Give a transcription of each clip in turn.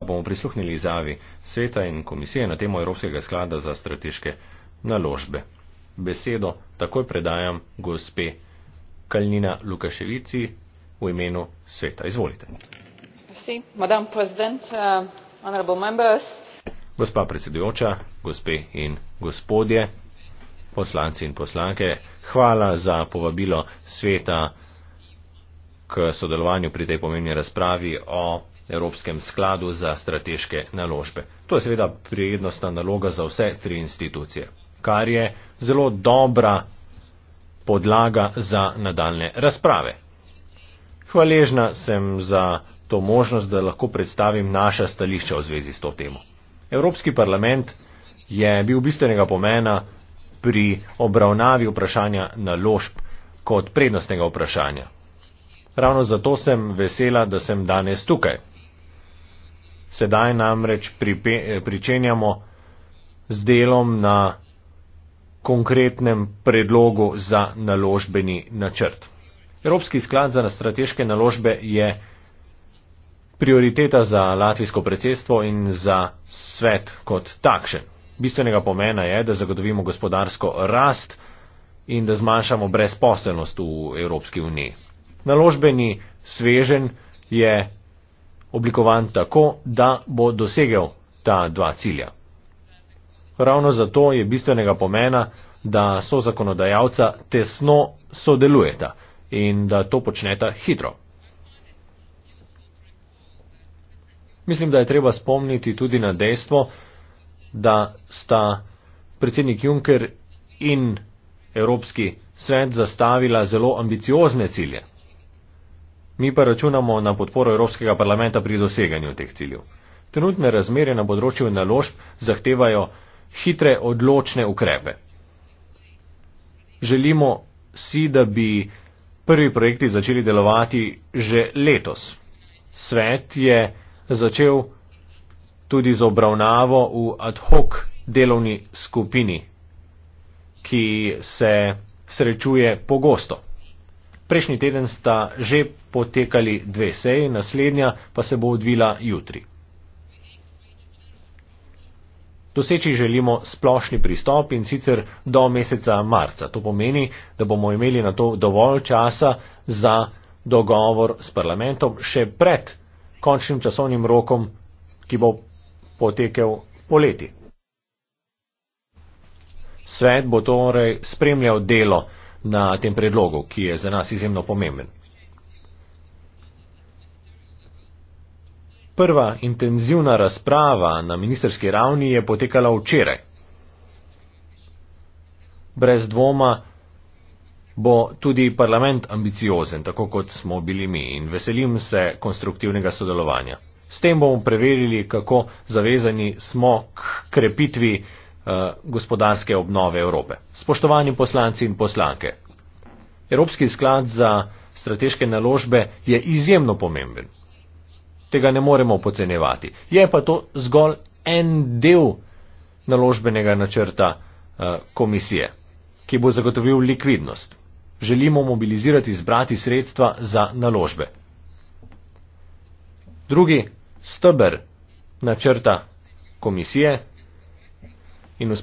bomo prisluhnili izjavi sveta in komisije na temo Evropskega sklada za strateške naložbe. Besedo takoj predajam gospe Kalnina Lukaševici v imenu sveta. Izvolite. Uh, Gospa predsedujoča, gospe in gospodje, poslanci in poslanke, hvala za povabilo sveta k sodelovanju pri tej pomembni razpravi o Evropskem skladu za strateške naložbe. To je seveda prijednostna naloga za vse tri institucije, kar je zelo dobra podlaga za nadaljne razprave. Hvaležna sem za to možnost, da lahko predstavim naša stališča v zvezi s to temo. Evropski parlament je bil bistvenega pomena pri obravnavi vprašanja naložb kot prednostnega vprašanja. Ravno zato sem vesela, da sem danes tukaj. Sedaj namreč eh, pričenjamo z delom na konkretnem predlogu za naložbeni načrt. Evropski sklad za strateške naložbe je prioriteta za latvijsko predsedstvo in za svet kot takšen. Bistvenega pomena je, da zagotovimo gospodarsko rast in da zmanjšamo brezposelnost v Evropski uniji. Naložbeni svežen je oblikovan tako, da bo dosegel ta dva cilja. Ravno zato je bistvenega pomena, da so zakonodajalca tesno sodelujeta in da to počneta hitro. Mislim, da je treba spomniti tudi na dejstvo, da sta predsednik Juncker in Evropski svet zastavila zelo ambiciozne cilje. Mi pa računamo na podporo Evropskega parlamenta pri doseganju teh ciljev. Trenutne razmere na področju naložb zahtevajo hitre, odločne ukrepe. Želimo si, da bi prvi projekti začeli delovati že letos. Svet je začel tudi z obravnavo v ad hoc delovni skupini, ki se srečuje pogosto. Prejšnji teden sta že potekali dve seji, naslednja pa se bo odvila jutri. Doseči želimo splošni pristop in sicer do meseca marca. To pomeni, da bomo imeli na to dovolj časa za dogovor s parlamentom še pred končnim časovnim rokom, ki bo potekel poleti. Svet bo torej spremljal delo na tem predlogu, ki je za nas izjemno pomemben. Prva intenzivna razprava na ministerski ravni je potekala včeraj. Brez dvoma bo tudi parlament ambiciozen, tako kot smo bili mi, in veselim se konstruktivnega sodelovanja. S tem bomo preverili, kako zavezani smo k krepitvi Eh, gospodarske obnove Evrope. Spoštovani poslanci in poslanke, Evropski sklad za strateške naložbe je izjemno pomemben. Tega ne moremo pocenevati. Je pa to zgolj en del naložbenega načrta eh, komisije, ki bo zagotovil likvidnost. Želimo mobilizirati, zbrati sredstva za naložbe. Drugi stebr načrta komisije in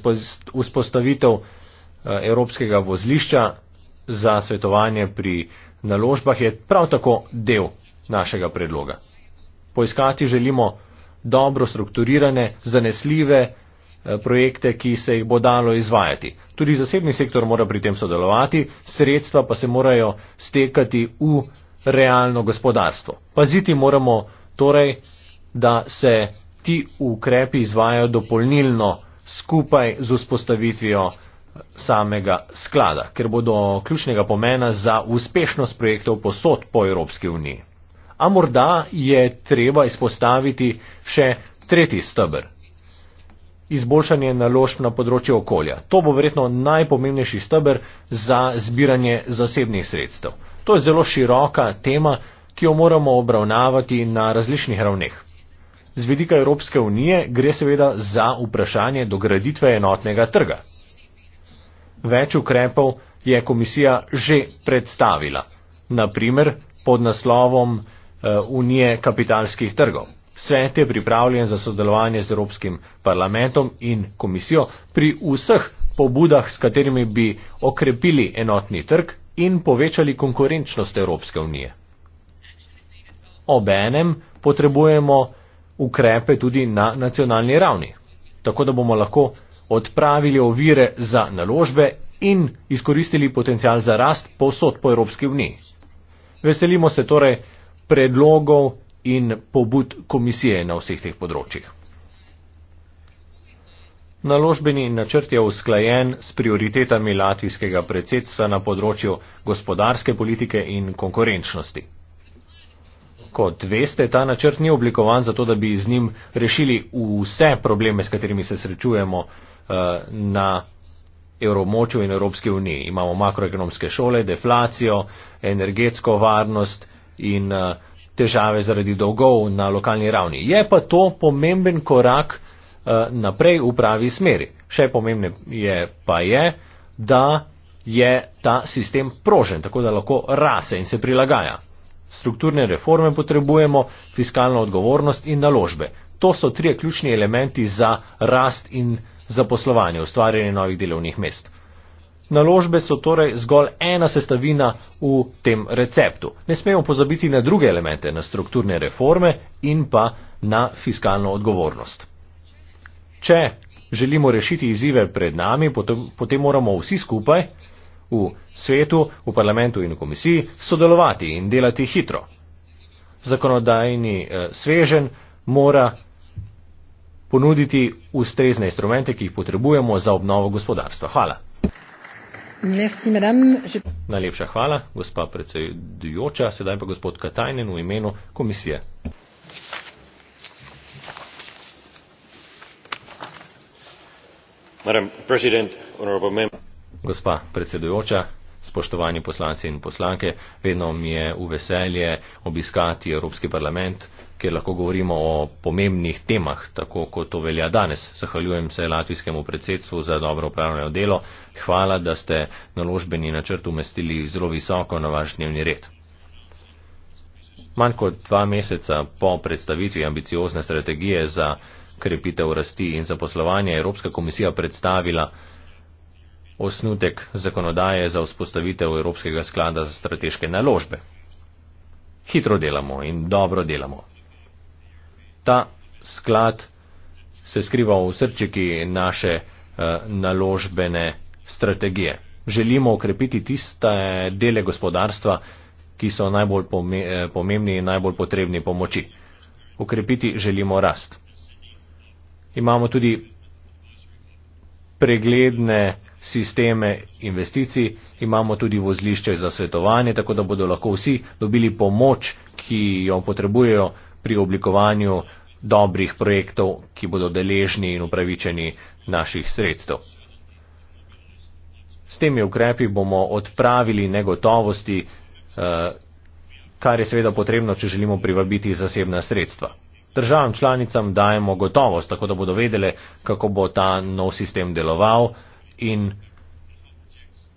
vzpostavitev eh, evropskega vozlišča za svetovanje pri naložbah je prav tako del našega predloga. Poiskati želimo dobro strukturirane, zanesljive eh, projekte, ki se jih bo dalo izvajati. Tudi zasebni sektor mora pri tem sodelovati, sredstva pa se morajo stekati v realno gospodarstvo. Paziti moramo torej, da se ti ukrepi izvajajo dopolnilno skupaj z vzpostavitvijo samega sklada, ker bodo ključnega pomena za uspešnost projektov posod po Evropski uniji. A morda je treba izpostaviti še tretji stebr. Izboljšanje naložb na področju okolja. To bo verjetno najpomembnejši stebr za zbiranje zasebnih sredstev. To je zelo široka tema, ki jo moramo obravnavati na različnih ravneh z vidika Evropske unije gre seveda za vprašanje dograditve enotnega trga. Več ukrepov je komisija že predstavila, naprimer pod naslovom eh, Unije kapitalskih trgov. Svet je pripravljen za sodelovanje z Evropskim parlamentom in komisijo pri vseh pobudah, s katerimi bi okrepili enotni trg in povečali konkurenčnost Evropske unije. Obenem potrebujemo ukrepe tudi na nacionalni ravni, tako da bomo lahko odpravili ovire za naložbe in izkoristili potencial za rast povsod po Evropski uniji. Veselimo se torej predlogov in pobud komisije na vseh teh področjih. Naložbeni načrt je usklajen s prioritetami latvijskega predsedstva na področju gospodarske politike in konkurenčnosti kot veste, ta načrt ni oblikovan zato, da bi z njim rešili vse probleme, s katerimi se srečujemo eh, na evromočju in Evropske unije. Imamo makroekonomske šole, deflacijo, energetsko varnost in eh, težave zaradi dolgov na lokalni ravni. Je pa to pomemben korak eh, naprej v pravi smeri. Še pomembne je pa je, da je ta sistem prožen, tako da lahko rase in se prilagaja. Strukturne reforme potrebujemo, fiskalno odgovornost in naložbe. To so tri ključni elementi za rast in zaposlovanje, ustvarjanje novih delovnih mest. Naložbe so torej zgolj ena sestavina v tem receptu. Ne smemo pozabiti na druge elemente, na strukturne reforme in pa na fiskalno odgovornost. Če želimo rešiti izzive pred nami, potem, potem moramo vsi skupaj v svetu, v parlamentu in v komisiji sodelovati in delati hitro. Zakonodajni eh, svežen mora ponuditi ustrezne instrumente, ki jih potrebujemo za obnovo gospodarstva. Hvala. Merci, Je... Najlepša hvala, gospa predsedujoča. Sedaj pa gospod Katajnen v imenu komisije. Madam, Gospa predsedujoča, spoštovani poslanci in poslanke, vedno mi je v veselje obiskati Evropski parlament, kjer lahko govorimo o pomembnih temah, tako kot to velja danes. Zahvaljujem se latvijskemu predsedstvu za dobro upravljeno delo. Hvala, da ste naložbeni načrt umestili zelo visoko na vaš dnevni red. Manj kot dva meseca po predstavitvi ambiciozne strategije za krepitev rasti in zaposlovanja je Evropska komisija predstavila osnutek zakonodaje za vzpostavitev Evropskega sklada za strateške naložbe. Hitro delamo in dobro delamo. Ta sklad se skriva v srčiki naše eh, naložbene strategije. Želimo okrepiti tiste dele gospodarstva, ki so najbolj eh, pomembni in najbolj potrebni pomoči. Okrepiti želimo rast. Imamo tudi pregledne sisteme investicij, imamo tudi vozlišče za svetovanje, tako da bodo lahko vsi dobili pomoč, ki jo potrebujejo pri oblikovanju dobrih projektov, ki bodo deležni in upravičeni naših sredstev. S temi ukrepi bomo odpravili negotovosti, eh, kar je seveda potrebno, če želimo privabiti zasebna sredstva. Državam članicam dajemo gotovost, tako da bodo vedele, kako bo ta nov sistem deloval, in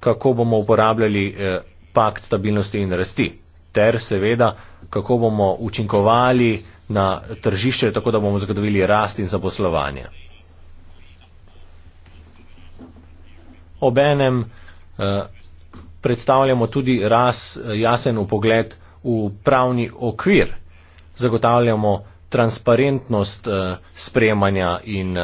kako bomo uporabljali eh, pakt stabilnosti in rasti, ter seveda, kako bomo učinkovali na tržišče, tako da bomo zagotovili rast in zaposlovanje. Obenem eh, predstavljamo tudi raz eh, jasen upogled v pravni okvir. Zagotavljamo transparentnost sprejemanja in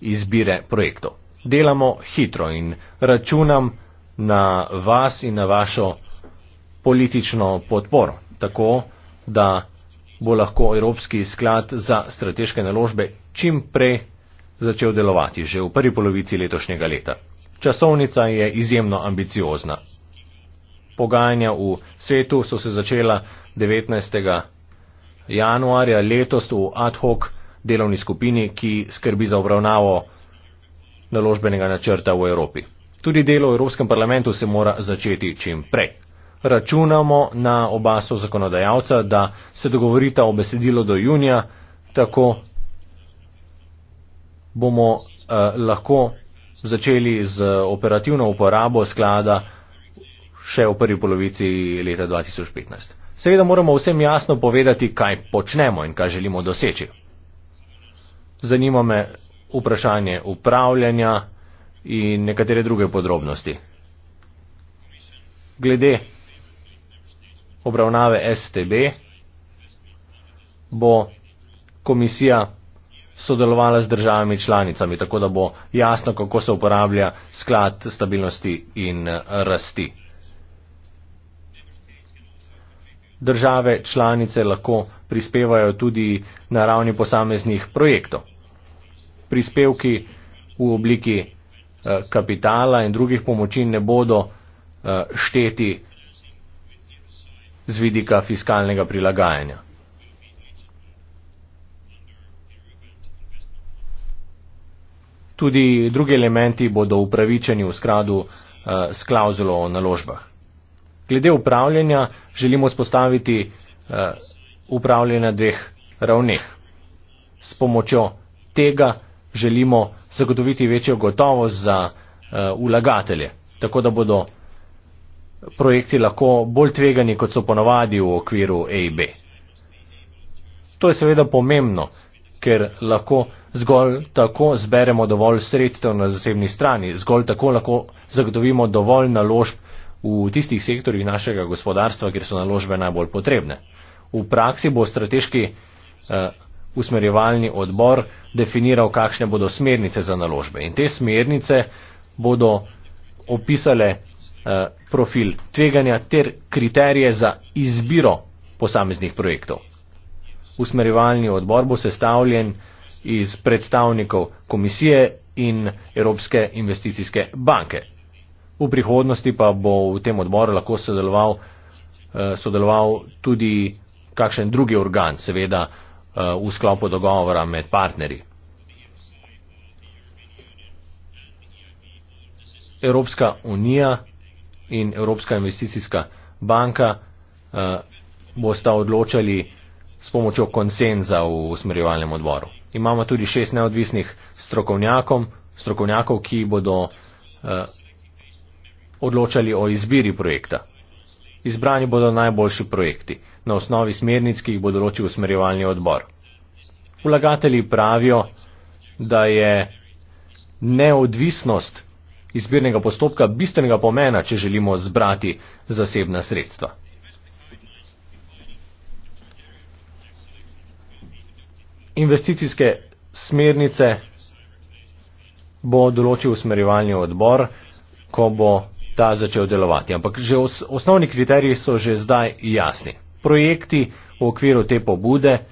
izbire projektov delamo hitro in računam na vas in na vašo politično podporo, tako da bo lahko Evropski sklad za strateške naložbe čim prej začel delovati, že v prvi polovici letošnjega leta. Časovnica je izjemno ambiciozna. Pogajanja v svetu so se začela 19. januarja letos v ad hoc delovni skupini, ki skrbi za obravnavo naložbenega načrta v Evropi. Tudi delo v Evropskem parlamentu se mora začeti čim prej. Računamo na oba so zakonodajalca, da se dogovorita o besedilo do junija, tako bomo eh, lahko začeli z operativno uporabo sklada še v prvi polovici leta 2015. Seveda moramo vsem jasno povedati, kaj počnemo in kaj želimo doseči. Zanima me vprašanje upravljanja in nekatere druge podrobnosti. Glede obravnave STB bo komisija sodelovala z državami članicami, tako da bo jasno, kako se uporablja sklad stabilnosti in rasti. Države članice lahko prispevajo tudi na ravni posameznih projektov prispevki v obliki eh, kapitala in drugih pomoči ne bodo eh, šteti z vidika fiskalnega prilagajanja. Tudi drugi elementi bodo upravičeni v skladu eh, s klauzulo o naložbah. Glede upravljanja želimo spostaviti upravljanje na dveh ravneh. S pomočjo tega želimo zagotoviti večjo gotovost za eh, vlagatelje, tako da bodo projekti lahko bolj tvegani, kot so ponavadi v okviru AIB. To je seveda pomembno, ker lahko zgolj tako zberemo dovolj sredstev na zasebni strani, zgolj tako lahko zagotovimo dovolj naložb v tistih sektorjih našega gospodarstva, kjer so naložbe najbolj potrebne. V praksi bo strateški eh, usmerjevalni odbor definiral, kakšne bodo smernice za naložbe. In te smernice bodo opisale eh, profil tveganja ter kriterije za izbiro posameznih projektov. Usmerjevalni odbor bo sestavljen iz predstavnikov komisije in Evropske investicijske banke. V prihodnosti pa bo v tem odboru lahko sodeloval, eh, sodeloval tudi kakšen drugi organ, seveda eh, Eh, v sklopu dogovora med partnerji. Evropska unija in Evropska investicijska banka eh, bosta odločali s pomočjo konsenza v usmerjevalnem odboru. Imamo tudi šest neodvisnih strokovnjakov, ki bodo eh, odločali o izbiri projekta. Izbrani bodo najboljši projekti, na osnovi smernic, ki jih bo določil usmerjevalni odbor. Vlagatelji pravijo, da je neodvisnost izbirnega postopka bistvenega pomena, če želimo zbrati zasebna sredstva. Investicijske smernice bo določil usmerjevalni odbor, ko bo ta začel delovati. Ampak že os, osnovni kriteriji so že zdaj jasni. Projekti v okviru te pobude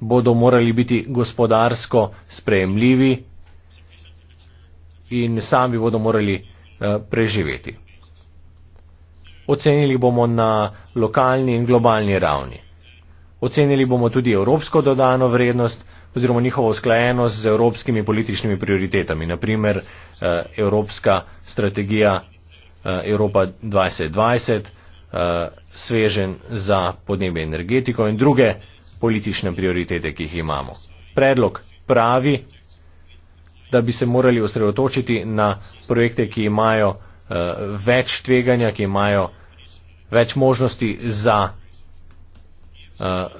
bodo morali biti gospodarsko sprejemljivi in sami bodo morali eh, preživeti. Ocenili bomo na lokalni in globalni ravni. Ocenili bomo tudi evropsko dodano vrednost oziroma njihovo usklajenost z evropskimi političnimi prioritetami, naprimer eh, Evropska strategija Eh, Evropa 2020, eh, svežen za podnebje energetiko in druge politične prioritete, ki jih imamo. Predlog pravi, da bi se morali osredotočiti na projekte, ki imajo eh, več tveganja, ki imajo več možnosti za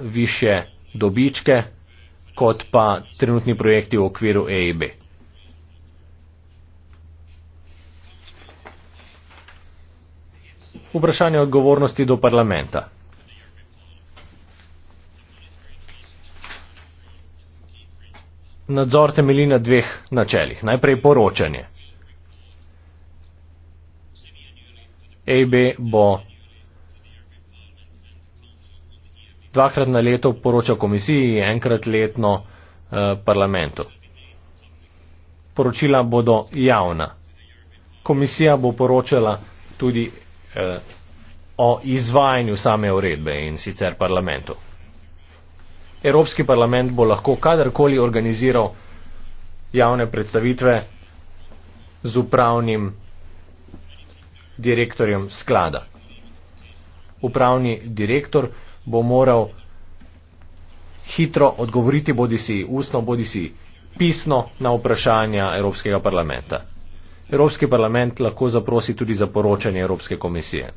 više dobičke, kot pa trenutni projekti v okviru EIB. vprašanje odgovornosti do parlamenta. Nadzor temelji na dveh načelih. Najprej poročanje. AB bo dvakrat na leto poročal komisiji in enkrat letno eh, parlamentu. Poročila bodo javna. Komisija bo poročala tudi Eh, o izvajanju same uredbe in sicer parlamentu. Evropski parlament bo lahko kadarkoli organiziral javne predstavitve z upravnim direktorjem sklada. Upravni direktor bo moral hitro odgovoriti bodi si ustno, bodi si pisno na vprašanja Evropskega parlamenta. Evropski parlament lahko zaprosi tudi za poročanje Evropske komisije.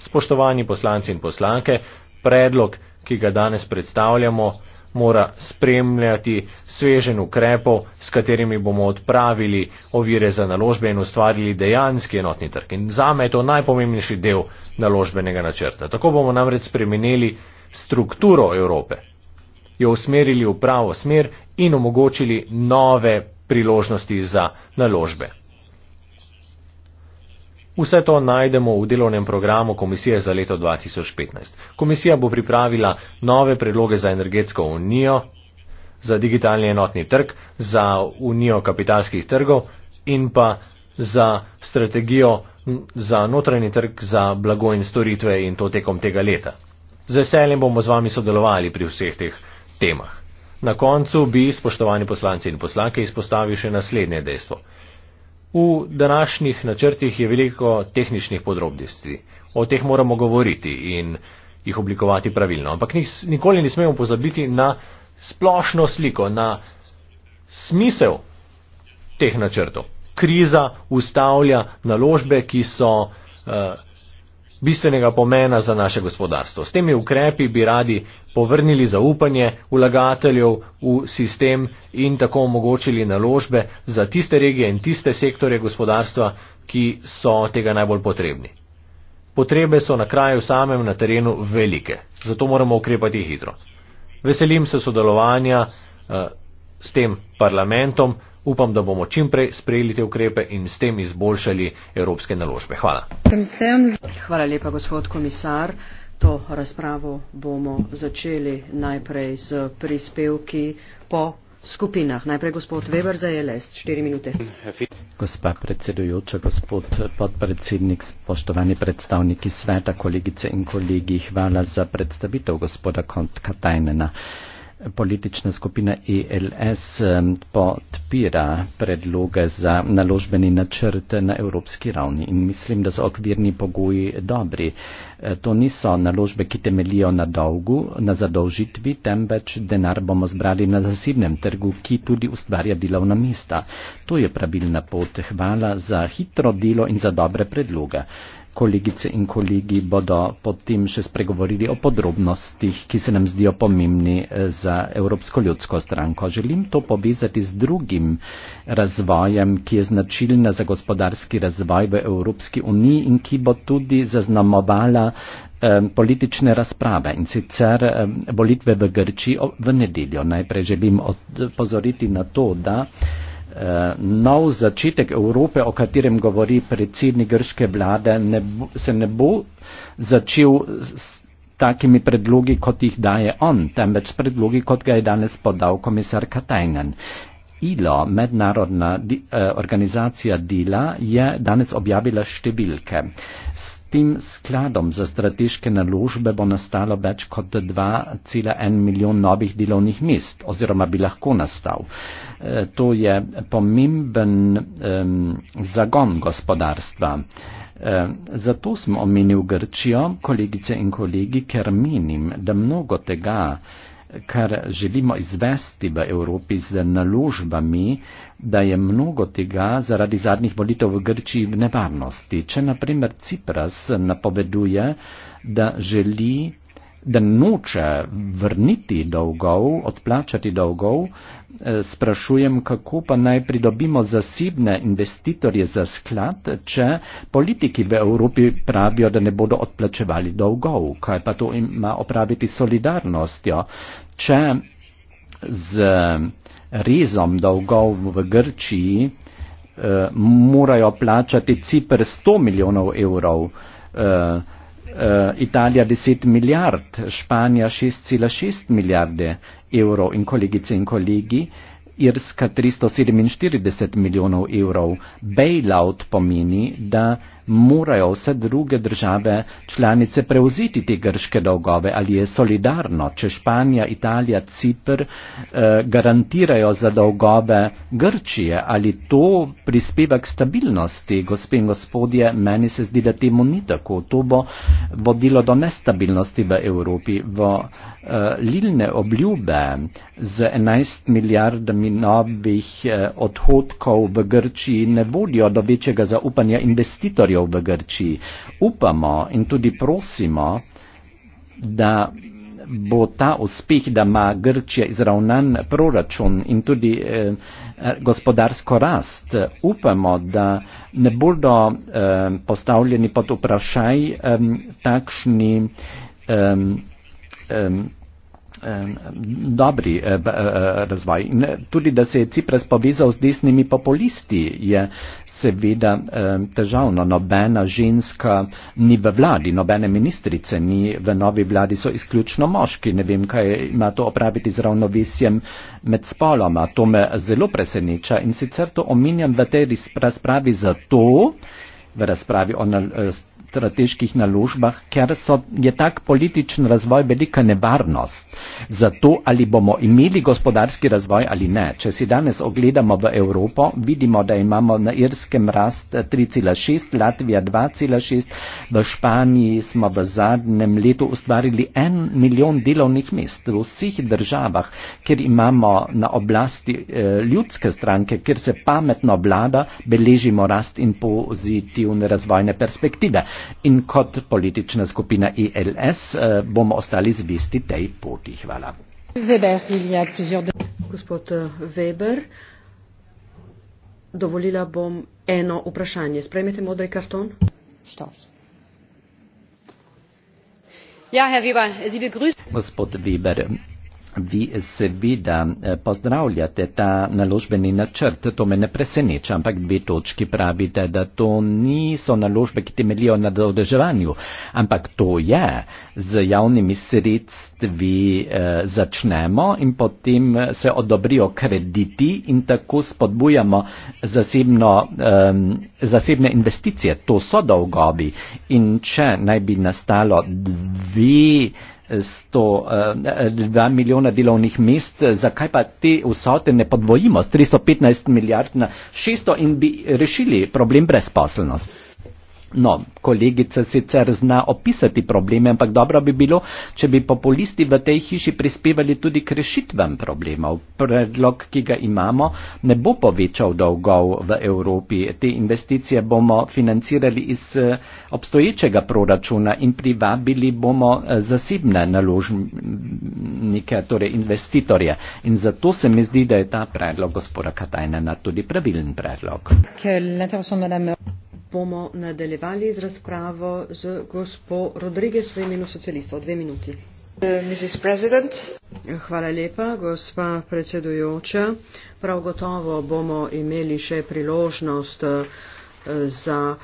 Spoštovani poslanci in poslanke, predlog, ki ga danes predstavljamo, mora spremljati svežen ukrepov, s katerimi bomo odpravili ovire za naložbe in ustvarili dejanski enotni trg. In zame je to najpomembnejši del naložbenega načrta. Tako bomo namreč spremenili strukturo Evrope, jo usmerili v pravo smer in omogočili nove priložnosti za naložbe. Vse to najdemo v delovnem programu Komisije za leto 2015. Komisija bo pripravila nove predloge za energetsko unijo, za digitalni enotni trg, za unijo kapitalskih trgov in pa za strategijo za notranji trg za blago in storitve in to tekom tega leta. Z veseljem bomo z vami sodelovali pri vseh teh temah. Na koncu bi, spoštovani poslanci in poslanke, izpostavil še naslednje dejstvo. V današnjih načrtih je veliko tehničnih podrobnosti. O teh moramo govoriti in jih oblikovati pravilno. Ampak nikoli ne smemo pozabiti na splošno sliko, na smisel teh načrtov. Kriza ustavlja naložbe, ki so eh, bistvenega pomena za naše gospodarstvo. S temi ukrepi bi radi povrnili zaupanje vlagateljev v sistem in tako omogočili naložbe za tiste regije in tiste sektore gospodarstva, ki so tega najbolj potrebni. Potrebe so na kraju samem na terenu velike, zato moramo ukrepati hitro. Veselim se sodelovanja uh, s tem parlamentom, Upam, da bomo čim prej sprejeli te ukrepe in s tem izboljšali evropske naložbe. Hvala. Hvala lepa, gospod komisar. To razpravo bomo začeli najprej z prispevki po skupinah. Najprej gospod Weber za e LS, 4 minute. Gospa predsedujoča, gospod podpredsednik, spoštovani predstavniki sveta, kolegice in kolegi, hvala za predstavitev gospoda Kontkatajnena. Kont politična skupina ELS podpira predloge za naložbeni načrt na evropski ravni in mislim, da so okvirni pogoji dobri. E, to niso naložbe, ki temelijo na dolgu, na zadolžitvi, temveč denar bomo zbrali na zasebnem trgu, ki tudi ustvarja delovna mesta. To je pravilna pot. Hvala za hitro delo in za dobre predloge kolegice in kolegi bodo potem še spregovorili o podrobnostih, ki se nam zdijo pomembni eh, za Evropsko ljudsko stranko. Želim to povezati z drugim razvojem, ki je značilna za gospodarski razvoj v Evropski uniji in ki bo tudi zaznamovala eh, politične razprave in sicer eh, volitve v Grči v nedeljo. Najprej želim opozoriti na to, da Eh, nov začetek Evrope, o katerem govori predsednik grške vlade, ne bo, se ne bo začel s takimi predlogi, kot jih daje on, temveč s predlogi, kot ga je danes podal komisar Katajnen. ILO, mednarodna di, eh, organizacija dela, je danes objavila številke. S tem skladom za strateške naložbe bo nastalo več kot 2,1 milijon novih delovnih mest oziroma bi lahko nastal. E, to je pomemben um, zagon gospodarstva. E, zato sem omenil Grčijo, kolegice in kolegi, ker menim, da mnogo tega, kar želimo izvesti v Evropi z naložbami, da je mnogo tega zaradi zadnjih volitev v Grčiji v nevarnosti. Če naprimer Cipras napoveduje, da želi da noče vrniti dolgov, odplačati dolgov, eh, sprašujem, kako pa naj pridobimo zasebne investitorje za sklad, če politiki v Evropi pravijo, da ne bodo odplačevali dolgov. Kaj pa to ima opraviti s solidarnostjo? Če z rezom dolgov v Grčiji eh, morajo plačati Cipr 100 milijonov evrov, eh, Eh, Italija 10 milijard, Španija 6,6 milijarde evrov in kolegice in kolegi, Irska 347 milijonov evrov. Bailout pomeni, da morajo vse druge države članice prevziti te grške dolgove ali je solidarno, če Španija, Italija, Cipr eh, garantirajo za dolgove Grčije ali to prispeva k stabilnosti, gospe in gospodje, meni se zdi, da temu ni tako. To bo vodilo do nestabilnosti v Evropi. V, uh, lilne obljube z 11 milijardami novih uh, odhodkov v Grčiji ne vodijo do večjega zaupanja investitorjev v Grčiji. Upamo in tudi prosimo, da bo ta uspeh, da ima Grčija izravnan proračun in tudi eh, gospodarsko rast. Upamo, da ne bodo eh, postavljeni pod vprašaj eh, takšni eh, eh, dobri eh, eh, eh, razvoj. In tudi, da se je Cipras povezal z desnimi populisti, je seveda težavno. Nobena ženska ni v vladi, nobene ministrice ni v novi vladi, so izključno moški. Ne vem, kaj ima to opraviti z ravnovesjem med spoloma. To me zelo preseneča in sicer to omenjam v tej razpravi zato, v razpravi o strateških naložbah, ker so, je tak političen razvoj velika nevarnost za to, ali bomo imeli gospodarski razvoj ali ne. Če si danes ogledamo v Evropo, vidimo, da imamo na Irskem rast 3,6, Latvija 2,6, v Španiji smo v zadnjem letu ustvarili en milijon delovnih mest. V vseh državah, kjer imamo na oblasti eh, ljudske stranke, kjer se pametno vlada, beležimo rast in pozitivne razvojne perspektive in kot politična skupina ILS eh, bomo ostali zvesti tej poti. Hvala. Weber, gospod eh, Weber, dovolila bom eno vprašanje. Sprejmete modri karton? Stavs. Ja, Herr Weber, Sie begrüßen. Gospod Weber, vi seveda eh, pozdravljate ta naložbeni načrt, to me ne preseneča, ampak dve točki pravite, da to niso naložbe, ki temelijo na zadrževanju, ampak to je, z javnimi sredstvi eh, začnemo in potem eh, se odobrijo krediti in tako spodbujamo zasebno, eh, zasebne investicije, to so dolgovi in če naj bi nastalo dve sto eh, dva milijona delovnih mest, zakaj pa te vsote ne podvojimo s 315 milijard na 600 in bi rešili problem brezposelnosti? No, kolegica sicer zna opisati probleme, ampak dobro bi bilo, če bi populisti v tej hiši prispevali tudi k rešitvam problemov. Predlog, ki ga imamo, ne bo povečal dolgov v Evropi. Te investicije bomo financirali iz eh, obstoječega proračuna in privabili bomo eh, zasebne naložnike, torej investitorje. In zato se mi zdi, da je ta predlog gospoda Katajnena tudi pravilen predlog. Okay, bomo nadaljevali z razpravo z gospo Rodriguez v imenu socialistov. Dve minuti. Eh, Hvala lepa, gospa predsedujoča. Prav gotovo bomo imeli še priložnost eh, za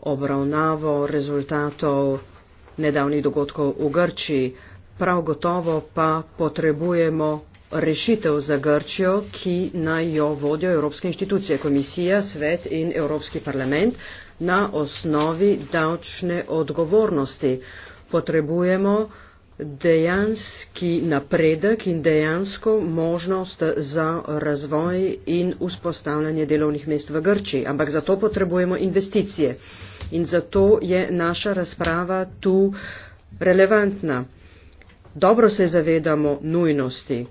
obravnavo rezultatov nedavnih dogodkov v Grčiji. Prav gotovo pa potrebujemo rešitev za Grčijo, ki naj jo vodijo Evropske inštitucije, komisija, svet in Evropski parlament na osnovi davčne odgovornosti. Potrebujemo dejanski napredek in dejansko možnost za razvoj in vzpostavljanje delovnih mest v Grčiji. Ampak za to potrebujemo investicije. In zato je naša razprava tu relevantna. Dobro se zavedamo nujnosti.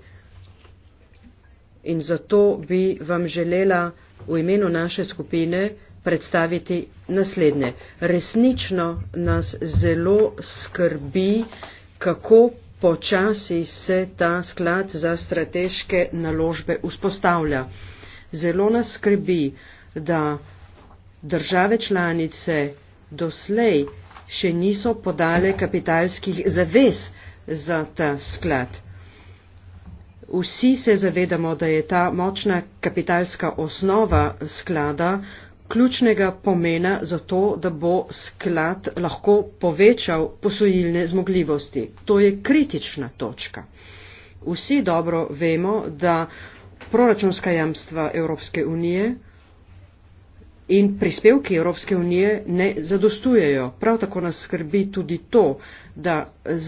In zato bi vam želela v imenu naše skupine predstaviti naslednje. Resnično nas zelo skrbi, kako počasi se ta sklad za strateške naložbe vzpostavlja. Zelo nas skrbi, da države članice doslej še niso podale kapitalskih zavez za ta sklad. Vsi se zavedamo, da je ta močna kapitalska osnova sklada ključnega pomena za to, da bo sklad lahko povečal posojilne zmogljivosti. To je kritična točka. Vsi dobro vemo, da proračunska jamstva Evropske unije in prispevki Evropske unije ne zadostujejo. Prav tako nas skrbi tudi to, da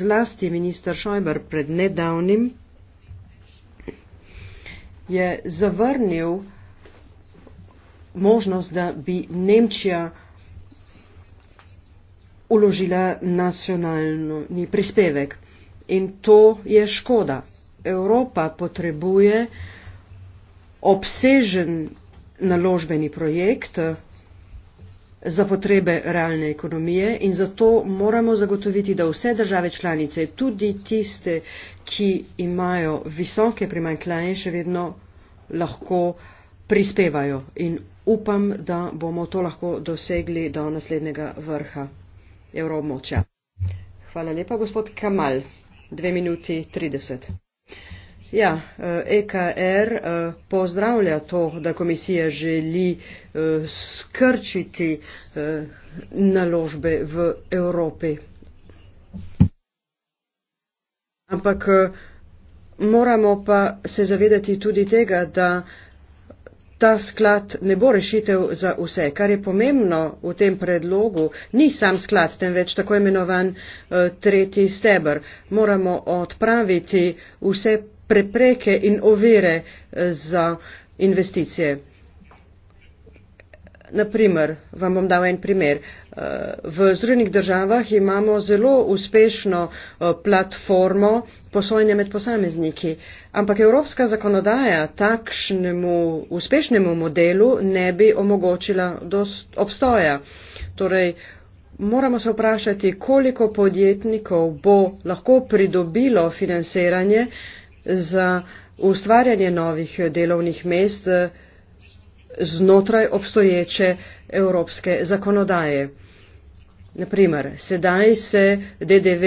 zlasti minister Šojber pred nedavnim je zavrnil možnost, da bi Nemčija uložila nacionalni prispevek. In to je škoda. Evropa potrebuje obsežen naložbeni projekt eh, za potrebe realne ekonomije in zato moramo zagotoviti, da vse države članice, tudi tiste, ki imajo visoke primankljaje, še vedno lahko prispevajo in upam, da bomo to lahko dosegli do naslednjega vrha evroobmočja. Hvala lepa, gospod Kamal. 2 minuti 30. Ja, EKR eh, e eh, pozdravlja to, da komisija želi eh, skrčiti naložbe v Evropi. Ampak moramo pa se zavedati tudi tega, da ta sklad ne bo rešitev za vse. Kar je pomembno v tem predlogu, ni sam sklad, temveč tako imenovan eh, tretji stebr. Moramo odpraviti vse prepreke in ovire eh, za investicije naprimer, vam bom dal en primer. Eh, v Združenih državah imamo zelo uspešno eh, platformo posojanja med posamezniki, ampak evropska zakonodaja takšnemu uspešnemu modelu ne bi omogočila obstoja. Torej, moramo se vprašati, koliko podjetnikov bo lahko pridobilo financiranje za ustvarjanje novih delovnih mest znotraj obstoječe evropske zakonodaje. Naprimer, sedaj se DDV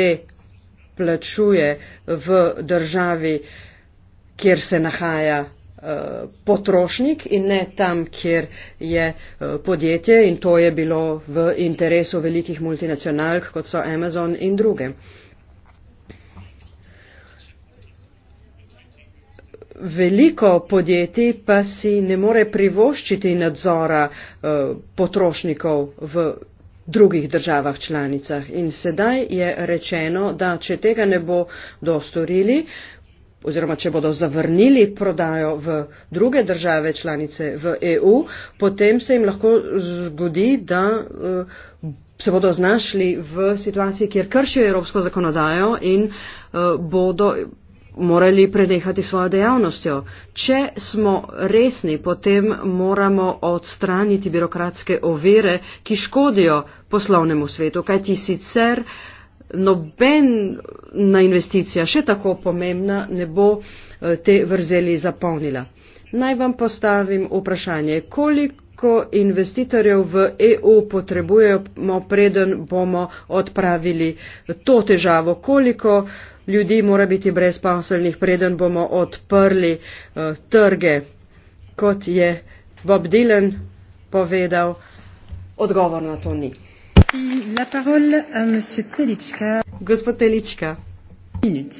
plačuje v državi, kjer se nahaja eh, potrošnik in ne tam, kjer je eh, podjetje in to je bilo v interesu velikih multinacionalk, kot so Amazon in druge. veliko podjetij pa si ne more privoščiti nadzora eh, potrošnikov v drugih državah članicah. In sedaj je rečeno, da če tega ne bodo storili oziroma če bodo zavrnili prodajo v druge države članice v EU, potem se jim lahko zgodi, da eh, se bodo znašli v situaciji, kjer kršijo evropsko zakonodajo in eh, bodo morali prenehati svojo dejavnostjo. Če smo resni, potem moramo odstraniti birokratske ovire, ki škodijo poslovnemu svetu, kajti sicer nobena investicija, še tako pomembna, ne bo eh, te vrzeli zapolnila. Naj vam postavim vprašanje, koliko investitorjev v EU potrebujemo, preden bomo odpravili to težavo, koliko uh, ljudi mora biti brezposelnih, preden bomo odprli uh, trge, kot je Bob Dylan povedal, odgovor na to ni. La parole à M. Telička. Gospod Telička. Minut.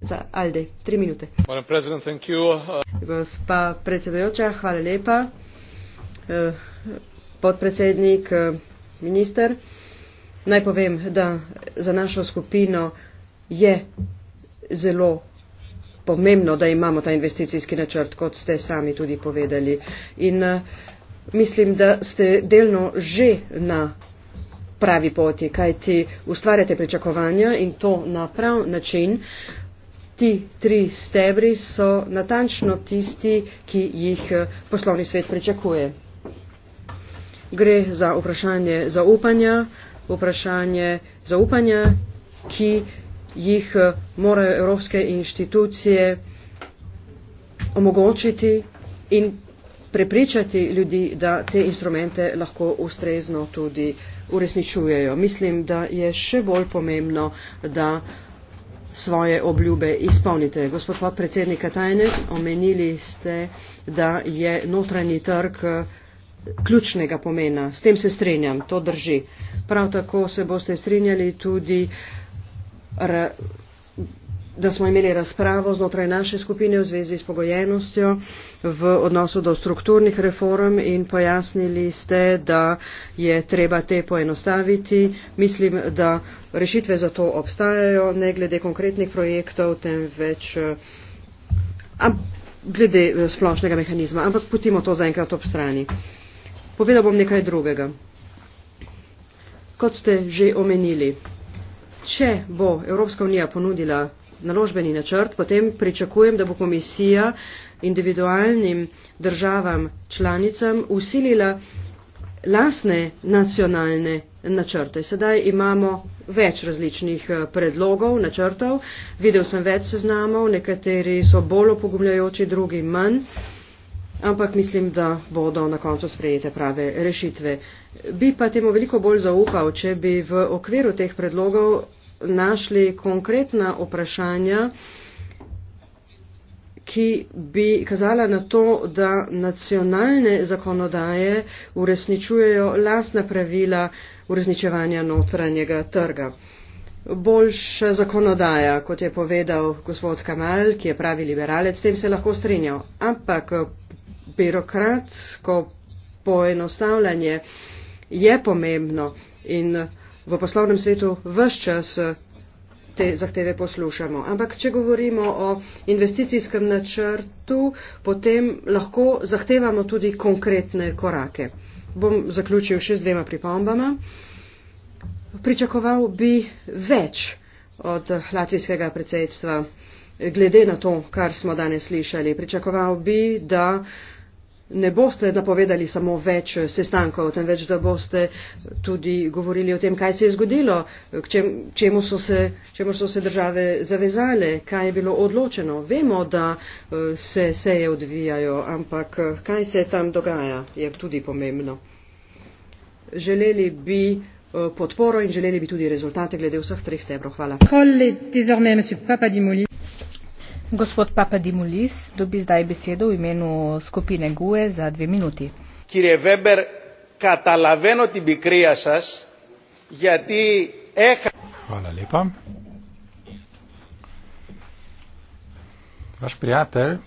Za Alde, tri minute. President, thank you. Uh... Gospa predsedojoča, hvala lepa. Uh, podpredsednik, uh, minister. Naj povem, da za našo skupino uh, je zelo pomembno, da imamo ta investicijski načrt, kot ste sami tudi povedali. In eh, mislim, da ste delno že na pravi poti, kaj ti ustvarjate pričakovanja in to na prav način. Ti tri stebri so natančno tisti, ki jih eh, poslovni svet pričakuje. Gre za vprašanje zaupanja, vprašanje zaupanja, ki jih eh, morajo evropske inštitucije omogočiti in prepričati ljudi, da te instrumente lahko ustrezno tudi uresničujejo. Mislim, da je še bolj pomembno, da svoje obljube izpolnite. Gospod predsednik Katajne, omenili ste, da je notranji trg eh, ključnega pomena. S tem se strinjam, to drži. Prav tako se boste strinjali tudi uh, da smo imeli razpravo znotraj naše skupine v zvezi s pogojenostjo v odnosu do strukturnih reform in pojasnili ste, da je treba te poenostaviti. Mislim, da rešitve za to obstajajo, ne glede konkretnih projektov, temveč glede eh, splošnega mehanizma. Ampak putimo to zaenkrat ob strani. Povedal bom nekaj drugega. Kot ste že omenili, Če bo Evropska unija ponudila naložbeni načrt, potem pričakujem, da bo komisija individualnim državam članicam usilila lasne nacionalne načrte. Sedaj imamo več različnih eh, predlogov, načrtov. Videl sem več seznamov, nekateri so bolj opogumljajoči, drugi manj, ampak mislim, da bodo na koncu sprejete prave rešitve. Bi pa temu veliko bolj zaupal, če bi v okviru teh predlogov našli konkretna vprašanja, ki bi kazala na to, da nacionalne zakonodaje uresničujejo lasna pravila uresničevanja notranjega trga. Boljša zakonodaja, kot je povedal gospod Kamal, ki je pravi liberalec, s tem se lahko strinjal. Ampak birokratsko poenostavljanje je pomembno in v poslovnem svetu vse čas eh, te zahteve poslušamo. Ampak, če govorimo o investicijskem načrtu, potem lahko zahtevamo tudi konkretne korake. Bom zaključil še z dvema pripombama. Pričakoval bi več od latvijskega predsedstva, glede na to, kar smo danes slišali. Pričakoval bi, da ne boste napovedali samo več eh, sestankov, temveč da boste tudi govorili o tem, kaj se je zgodilo, eh, čemu so se, čemu so se države zavezale, kaj je bilo odločeno. Vemo, da eh, se seje odvijajo, ampak kaj se tam dogaja, je tudi pomembno. Želeli bi podporo in želeli bi tudi rezultate glede vseh treh stebrov. Hvala. Gospod Papa Dimulis dobi zdaj besedo v imenu skupine GUE za dve minuti. Kire Weber, katalaveno ti bi krija saš, jati eha. Hvala lepa. Vaš prijatelj,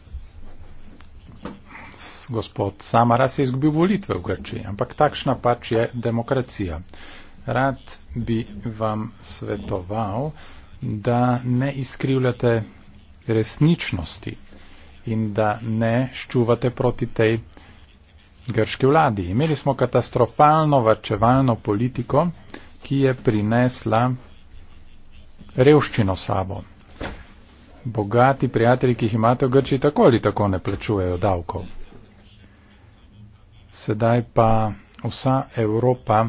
gospod Samara, se je izgubil volitve v Grčiji, ampak takšna pač je demokracija. Rad bi vam svetoval, da ne izkrivljate resničnosti in da ne ščuvate proti tej grški vladi. Imeli smo katastrofalno varčevalno politiko, ki je prinesla revščino sabo. Bogati prijatelji, ki jih imate v Grči, tako ali tako ne plačujejo davkov. Sedaj pa vsa Evropa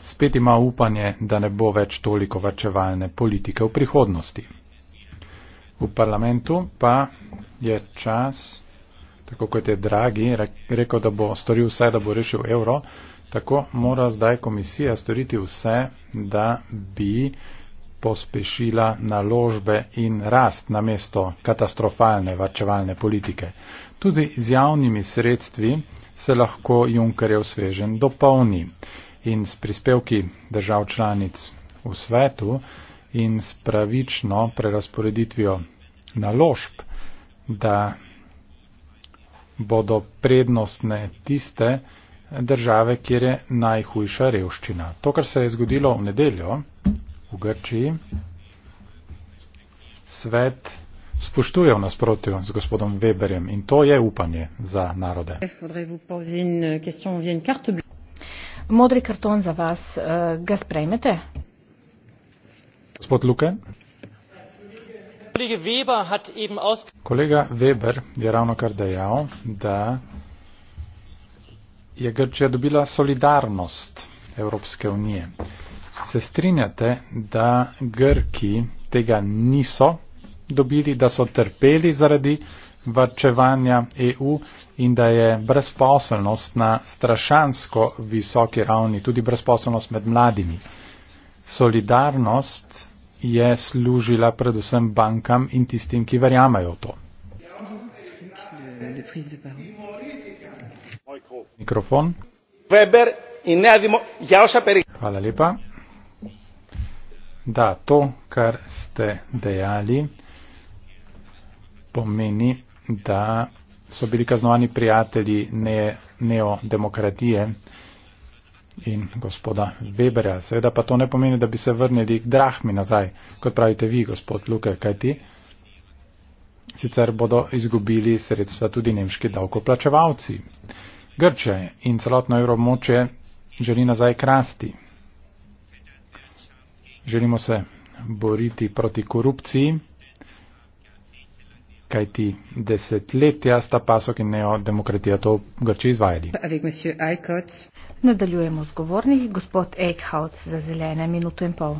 spet ima upanje, da ne bo več toliko vrčevalne politike v prihodnosti v parlamentu, pa je čas, tako kot je Dragi rekel, da bo storil vse, da bo rešil evro, tako mora zdaj komisija storiti vse, da bi pospešila naložbe in rast na mesto katastrofalne varčevalne politike. Tudi z javnimi sredstvi se lahko Junkerjev svežen dopolni in s prispevki držav članic v svetu, in s pravično prerasporeditvijo naložb, da bodo prednostne tiste države, kjer je najhujša revščina. To, kar se je zgodilo v nedeljo v Grčiji, svet spoštuje v nasprotju z gospodom Weberjem in to je upanje za narode. Modri karton za vas, eh, ga sprejmete? gospod Luke. Kolega Weber je ravno kar dejal, da je Grčija dobila solidarnost Evropske unije. Se strinjate, da Grki tega niso dobili, da so trpeli zaradi varčevanja EU in da je brezposelnost na strašansko visoki ravni, tudi brezposelnost med mladimi. Solidarnost je služila predvsem bankam in tistim, ki verjamajo v to. Mikrofon. Weber in ne adimo Jauša Perik. Hvala lepa. Da, to, kar ste dejali, pomeni, da so bili kaznovani prijatelji ne, neodemokratije in gospoda Weberja. Seveda pa to ne pomeni, da bi se vrnili k drahmi nazaj, kot pravite vi, gospod Luke, kaj ti? Sicer bodo izgubili sredstva tudi nemški davkoplačevalci. Grče in celotno evromoče želi nazaj krasti. Želimo se boriti proti korupciji, kajti desetletja sta pasok in neodemokratija to v Grči izvajali. Nadaljujemo z govornik, gospod Eichhout za zelene minuto in pol.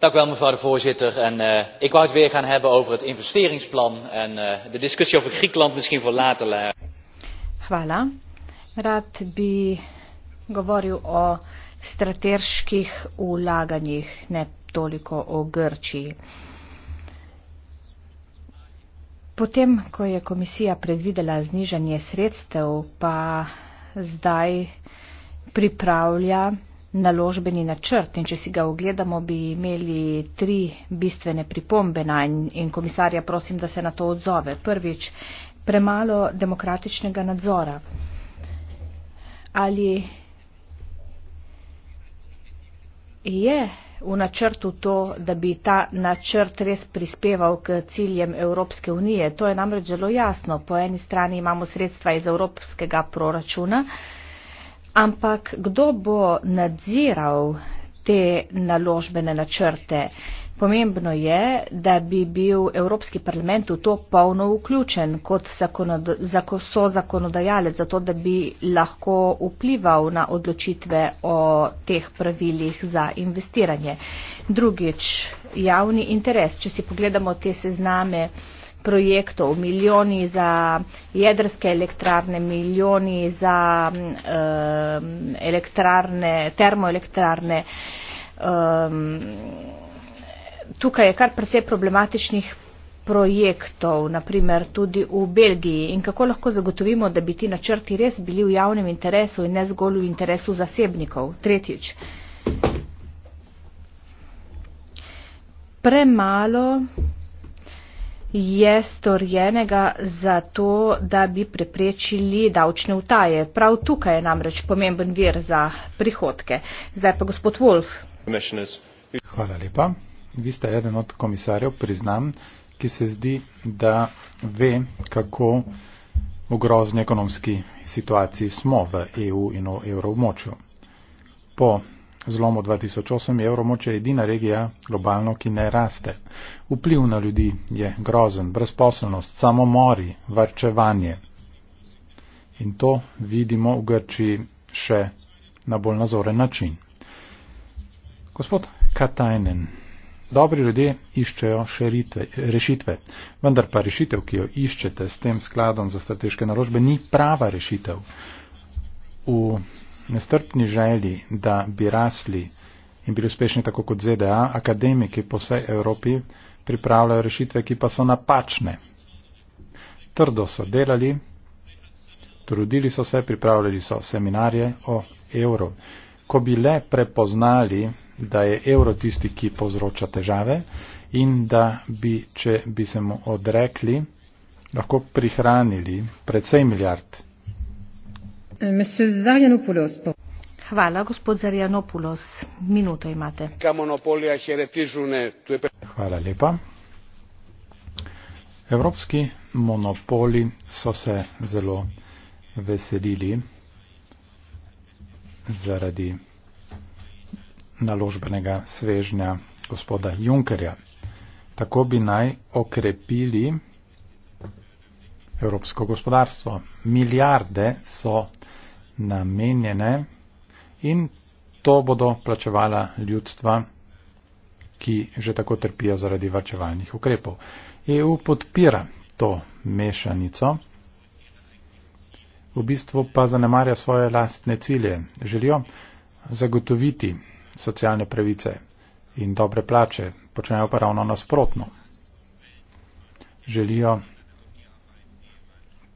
Dank u wel, mevrouw de voorzitter. En, uh, ik wou het weer gaan hebben over het investeringsplan en uh, de discussie over Griekenland misschien voor later. Eh. Hvala. Rad bi govoril o strateških ulaganjih, ne toliko o Grčiji. Potem, ko je komisija predvidela znižanje sredstev, pa zdaj uh, pripravlja naložbeni načrt in če si ga ogledamo, bi imeli tri bistvene pripombe na in, in komisarja prosim, da se na to odzove. Prvič, premalo demokratičnega nadzora. Ali je v načrtu to, da bi ta načrt res prispeval k ciljem Evropske unije? To je namreč zelo jasno. Po eni strani imamo sredstva iz evropskega proračuna, Ampak kdo bo nadziral te naložbene načrte? Pomembno je, da bi bil Evropski parlament v to polno vključen kot so zakonodajalec, zato da bi lahko vplival na odločitve o teh pravilih za investiranje. Drugič, javni interes. Če si pogledamo te sezname, eh, projektov, milijoni za jedrske elektrarne, milijoni za um, elektrarne, termoelektrarne. Um, tukaj je kar precej problematičnih projektov, naprimer tudi v Belgiji. In kako lahko zagotovimo, da bi ti načrti res bili v javnem interesu in ne zgolj v interesu zasebnikov? Tretjič. Premalo je storjenega za to, da bi preprečili davčne utaje. Prav tukaj je namreč pomemben vir za prihodke. Zdaj pa gospod Wolf. Hvala lepa. Vi ste eden od komisarjev, priznam, ki se zdi, da ve, kako v grozni ekonomski situaciji smo v EU in v evroobmočju. Po Zlomo 2008 je Evromoče edina regija globalno, ki ne raste. Vpliv na ljudi je grozen, brezposelnost, samomori, varčevanje. In to vidimo v Grčiji še na bolj nazoren način. Gospod Katajnen, dobri ljudje iščejo še ritve, rešitve, vendar pa rešitev, ki jo iščete s tem skladom za strateške naložbe, ni prava rešitev. V nestrpni želji, da bi rasli in bili uspešni tako kot ZDA, akademiki po vsej Evropi pripravljajo rešitve, ki pa so napačne. Trdo so delali, trudili so se, pripravljali so seminarje o evro. Ko bi le prepoznali, da je evro tisti, ki povzroča težave in da bi, če bi se mu odrekli, lahko prihranili precej milijard Hvala, gospod Zarjanopoulos. Minuto imate. Hvala lepa. Evropski monopoli so se zelo veselili zaradi naložbenega svežnja gospoda Junkerja. Tako bi naj okrepili evropsko gospodarstvo. Milijarde so namenjene in to bodo plačevala ljudstva, ki že tako trpijo zaradi varčevalnih ukrepov. EU podpira to mešanico, v bistvu pa zanemarja svoje lastne cilje. Želijo zagotoviti socialne pravice in dobre plače, počnejo pa ravno nasprotno. Želijo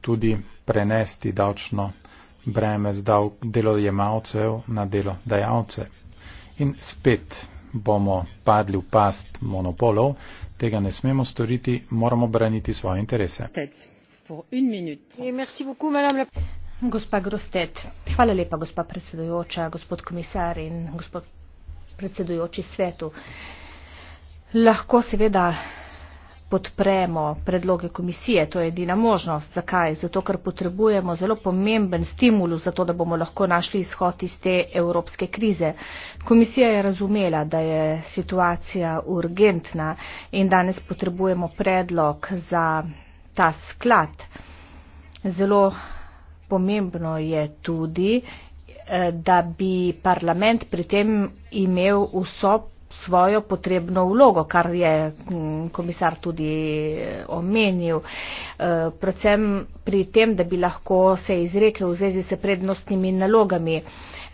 tudi prenesti davčno breme z davk delojemalcev na delodajalce. In spet bomo padli v past monopolov, tega ne smemo storiti, moramo braniti svoje interese. Gospa Grostet, hvala lepa, gospa predsedujoča, gospod komisar in gospod predsedujoči svetu. Lahko seveda podpremo predloge komisije. To je edina možnost. Zakaj? Zato, ker potrebujemo zelo pomemben stimul za to, da bomo lahko našli izhod iz te evropske krize. Komisija je razumela, da je situacija urgentna in danes potrebujemo predlog za ta sklad. Zelo pomembno je tudi, eh, da bi parlament pri tem imel vso svojo potrebno vlogo, kar je mm, komisar tudi eh, omenil. Eh, predvsem pri tem, da bi lahko se izrekel v zvezi s prednostnimi nalogami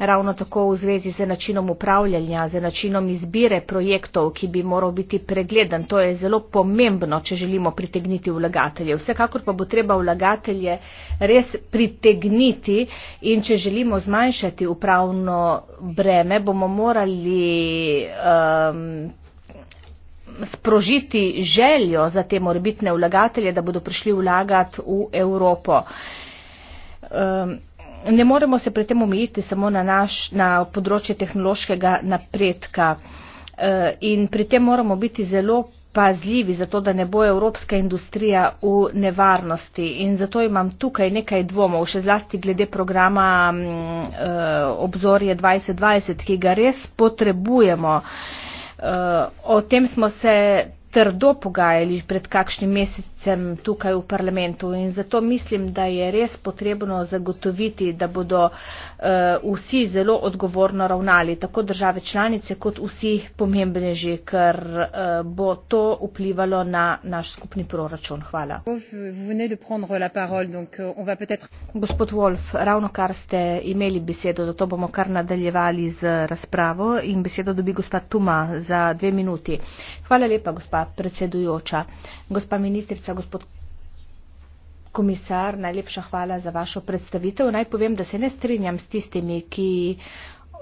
ravno tako v zvezi z načinom upravljanja, z načinom izbire projektov, ki bi moral biti pregledan. To je zelo pomembno, če želimo pritegniti vlagatelje. Vsekakor pa bo treba vlagatelje res pritegniti in če želimo zmanjšati upravno breme, bomo morali. Um, sprožiti željo za te morbitne vlagatelje, da bodo prišli vlagati v Evropo. Um, ne moremo se pri tem omejiti samo na, naš, na področje tehnološkega napredka. E, in pri tem moramo biti zelo pazljivi, zato da ne bo evropska industrija v nevarnosti. In zato imam tukaj nekaj dvomov, še zlasti glede programa e, Obzorje 2020, ki ga res potrebujemo. E, o tem smo se trdo pogajali pred kakšnim mesecem tukaj v parlamentu in zato mislim, da je res potrebno zagotoviti, da bodo uh, vsi zelo odgovorno ravnali, tako države članice kot vsi pomembneži, ker uh, bo to vplivalo na naš skupni proračun. Hvala. Euh, gospod Wolf, ravno kar ste imeli besedo, zato bomo kar nadaljevali z razpravo in besedo dobi gospod Tuma za dve minuti. Hvala lepa, gospod predsedujoča. Gospa ministrica, gospod komisar, najlepša hvala za vašo predstavitev. Naj povem, da se ne strinjam s tistimi, ki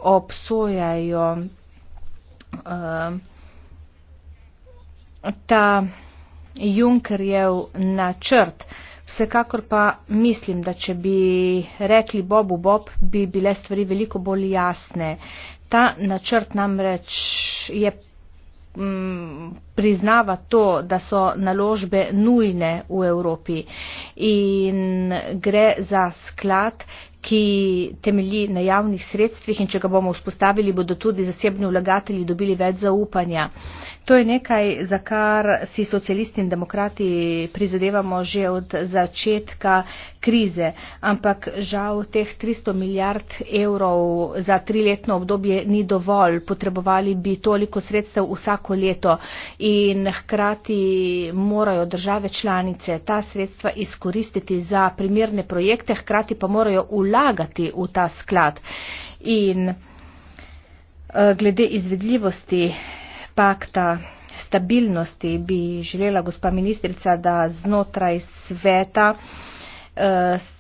obsojajo uh, ta Junkerjev načrt. Vsekakor pa mislim, da če bi rekli Bobu Bob, bi bile stvari veliko bolj jasne. Ta načrt namreč je m, mm, priznava to, da so naložbe nujne v Evropi in gre za sklad, ki temelji na javnih sredstvih in če ga bomo vzpostavili, bodo tudi zasebni vlagatelji dobili več zaupanja. To je nekaj, za kar si socialisti in demokrati prizadevamo že od začetka krize, ampak žal teh 300 milijard evrov za triletno obdobje ni dovolj. Potrebovali bi toliko sredstev vsako leto in hkrati morajo države članice ta sredstva izkoristiti za primerne projekte, hkrati pa morajo ulagati v ta sklad. In eh, glede izvedljivosti, pakta stabilnosti bi želela gospa ministrica, da znotraj sveta uh,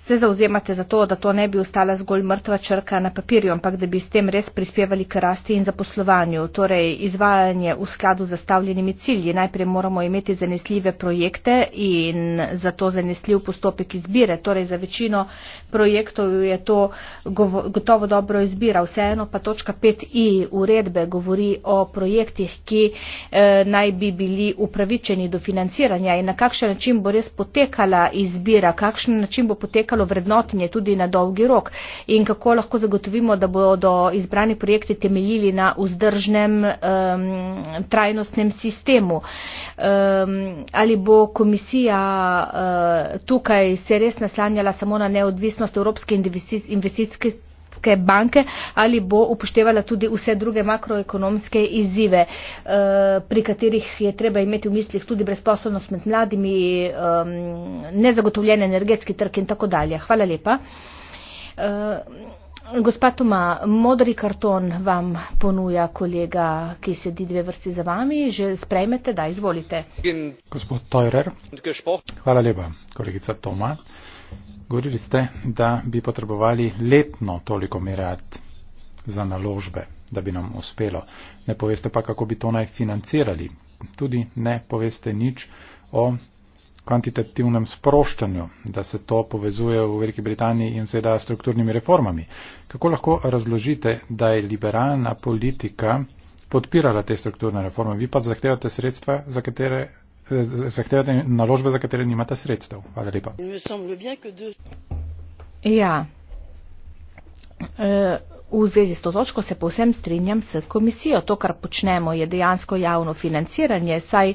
se zauzemate za to, da to ne bi ostala zgolj mrtva črka na papirju, ampak da bi s tem res prispevali k rasti in zaposlovanju. Torej, izvajanje v skladu z zastavljenimi cilji. Najprej moramo imeti zanesljive projekte in za to zanesljiv postopek izbire. Torej, za večino projektov je to gotovo dobro izbira. Vseeno pa točka 5i uredbe govori o projektih, ki eh, naj bi bili upravičeni do financiranja in na kakšen način bo res potekala izbira, kakšen način bo potekala čakalo vrednotenje tudi na dolgi rok in kako lahko zagotovimo, da bodo izbrani projekti temeljili na vzdržnem um, trajnostnem sistemu. Um, ali bo komisija uh, tukaj se res naslanjala samo na neodvisnost Evropske investicijske Svetovne banke ali bo upoštevala tudi vse druge makroekonomske izzive, eh, pri katerih je treba imeti v mislih tudi brezposobnost med mladimi, ehm, nezagotovljen energetski trg in tako dalje. Hvala lepa. Eh, gospa Toma, modri karton vam ponuja kolega, ki sedi dve vrsti za vami. Že sprejmete, da izvolite. Gospod Teurer, hvala lepa, kolegica Toma. Govorili ste, da bi potrebovali letno toliko merat za naložbe, da bi nam uspelo. Ne poveste pa, kako bi to naj financirali. Tudi ne poveste nič o kvantitativnem sproščanju, da se to povezuje v Veliki Britaniji in seveda s strukturnimi reformami. Kako lahko razložite, da je liberalna politika podpirala te strukturne reforme, vi pa zahtevate sredstva, za katere zahtevate naložbe, za katere nimate sredstev. Hvala lepa. Ja. Uh v zvezi s to točko se povsem strinjam s komisijo. To, kar počnemo, je dejansko javno financiranje, saj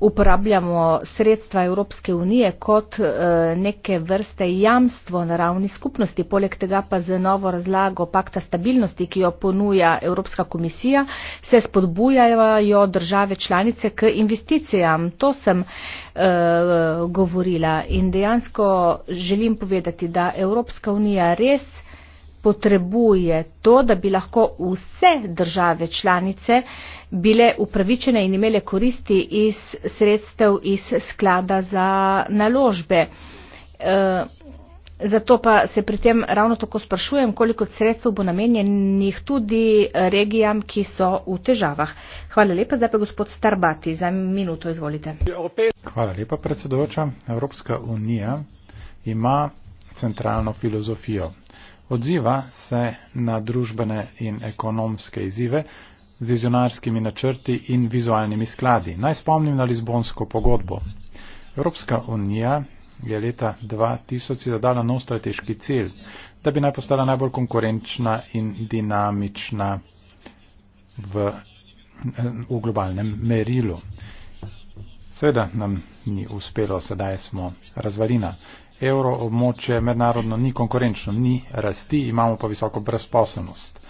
uporabljamo sredstva Evropske unije kot eh, neke vrste jamstvo na ravni skupnosti. Poleg tega pa z novo razlago pakta stabilnosti, ki jo ponuja Evropska komisija, se spodbujajo države članice k investicijam. To sem uh, govorila in dejansko želim povedati, da Evropska unija res potrebuje to, da bi lahko vse države članice bile upravičene in imele koristi iz sredstev iz sklada za naložbe. E, zato pa se pri tem ravno tako sprašujem, koliko sredstev bo namenjenih tudi regijam, ki so v težavah. Hvala lepa, zdaj pa gospod Starbati, za minuto izvolite. Hvala lepa, predsedujoča. Evropska unija ima centralno filozofijo odziva se na družbene in ekonomske izzive z vizionarskimi načrti in vizualnimi skladi. Naj spomnim na Lizbonsko pogodbo. Evropska unija je leta 2000 zadala nov strateški cilj, da bi naj postala najbolj konkurenčna in dinamična v, v globalnem merilu. Seveda nam ni uspelo, sedaj smo razvalina evro območje mednarodno ni konkurenčno, ni rasti, imamo pa visoko brezposobnost.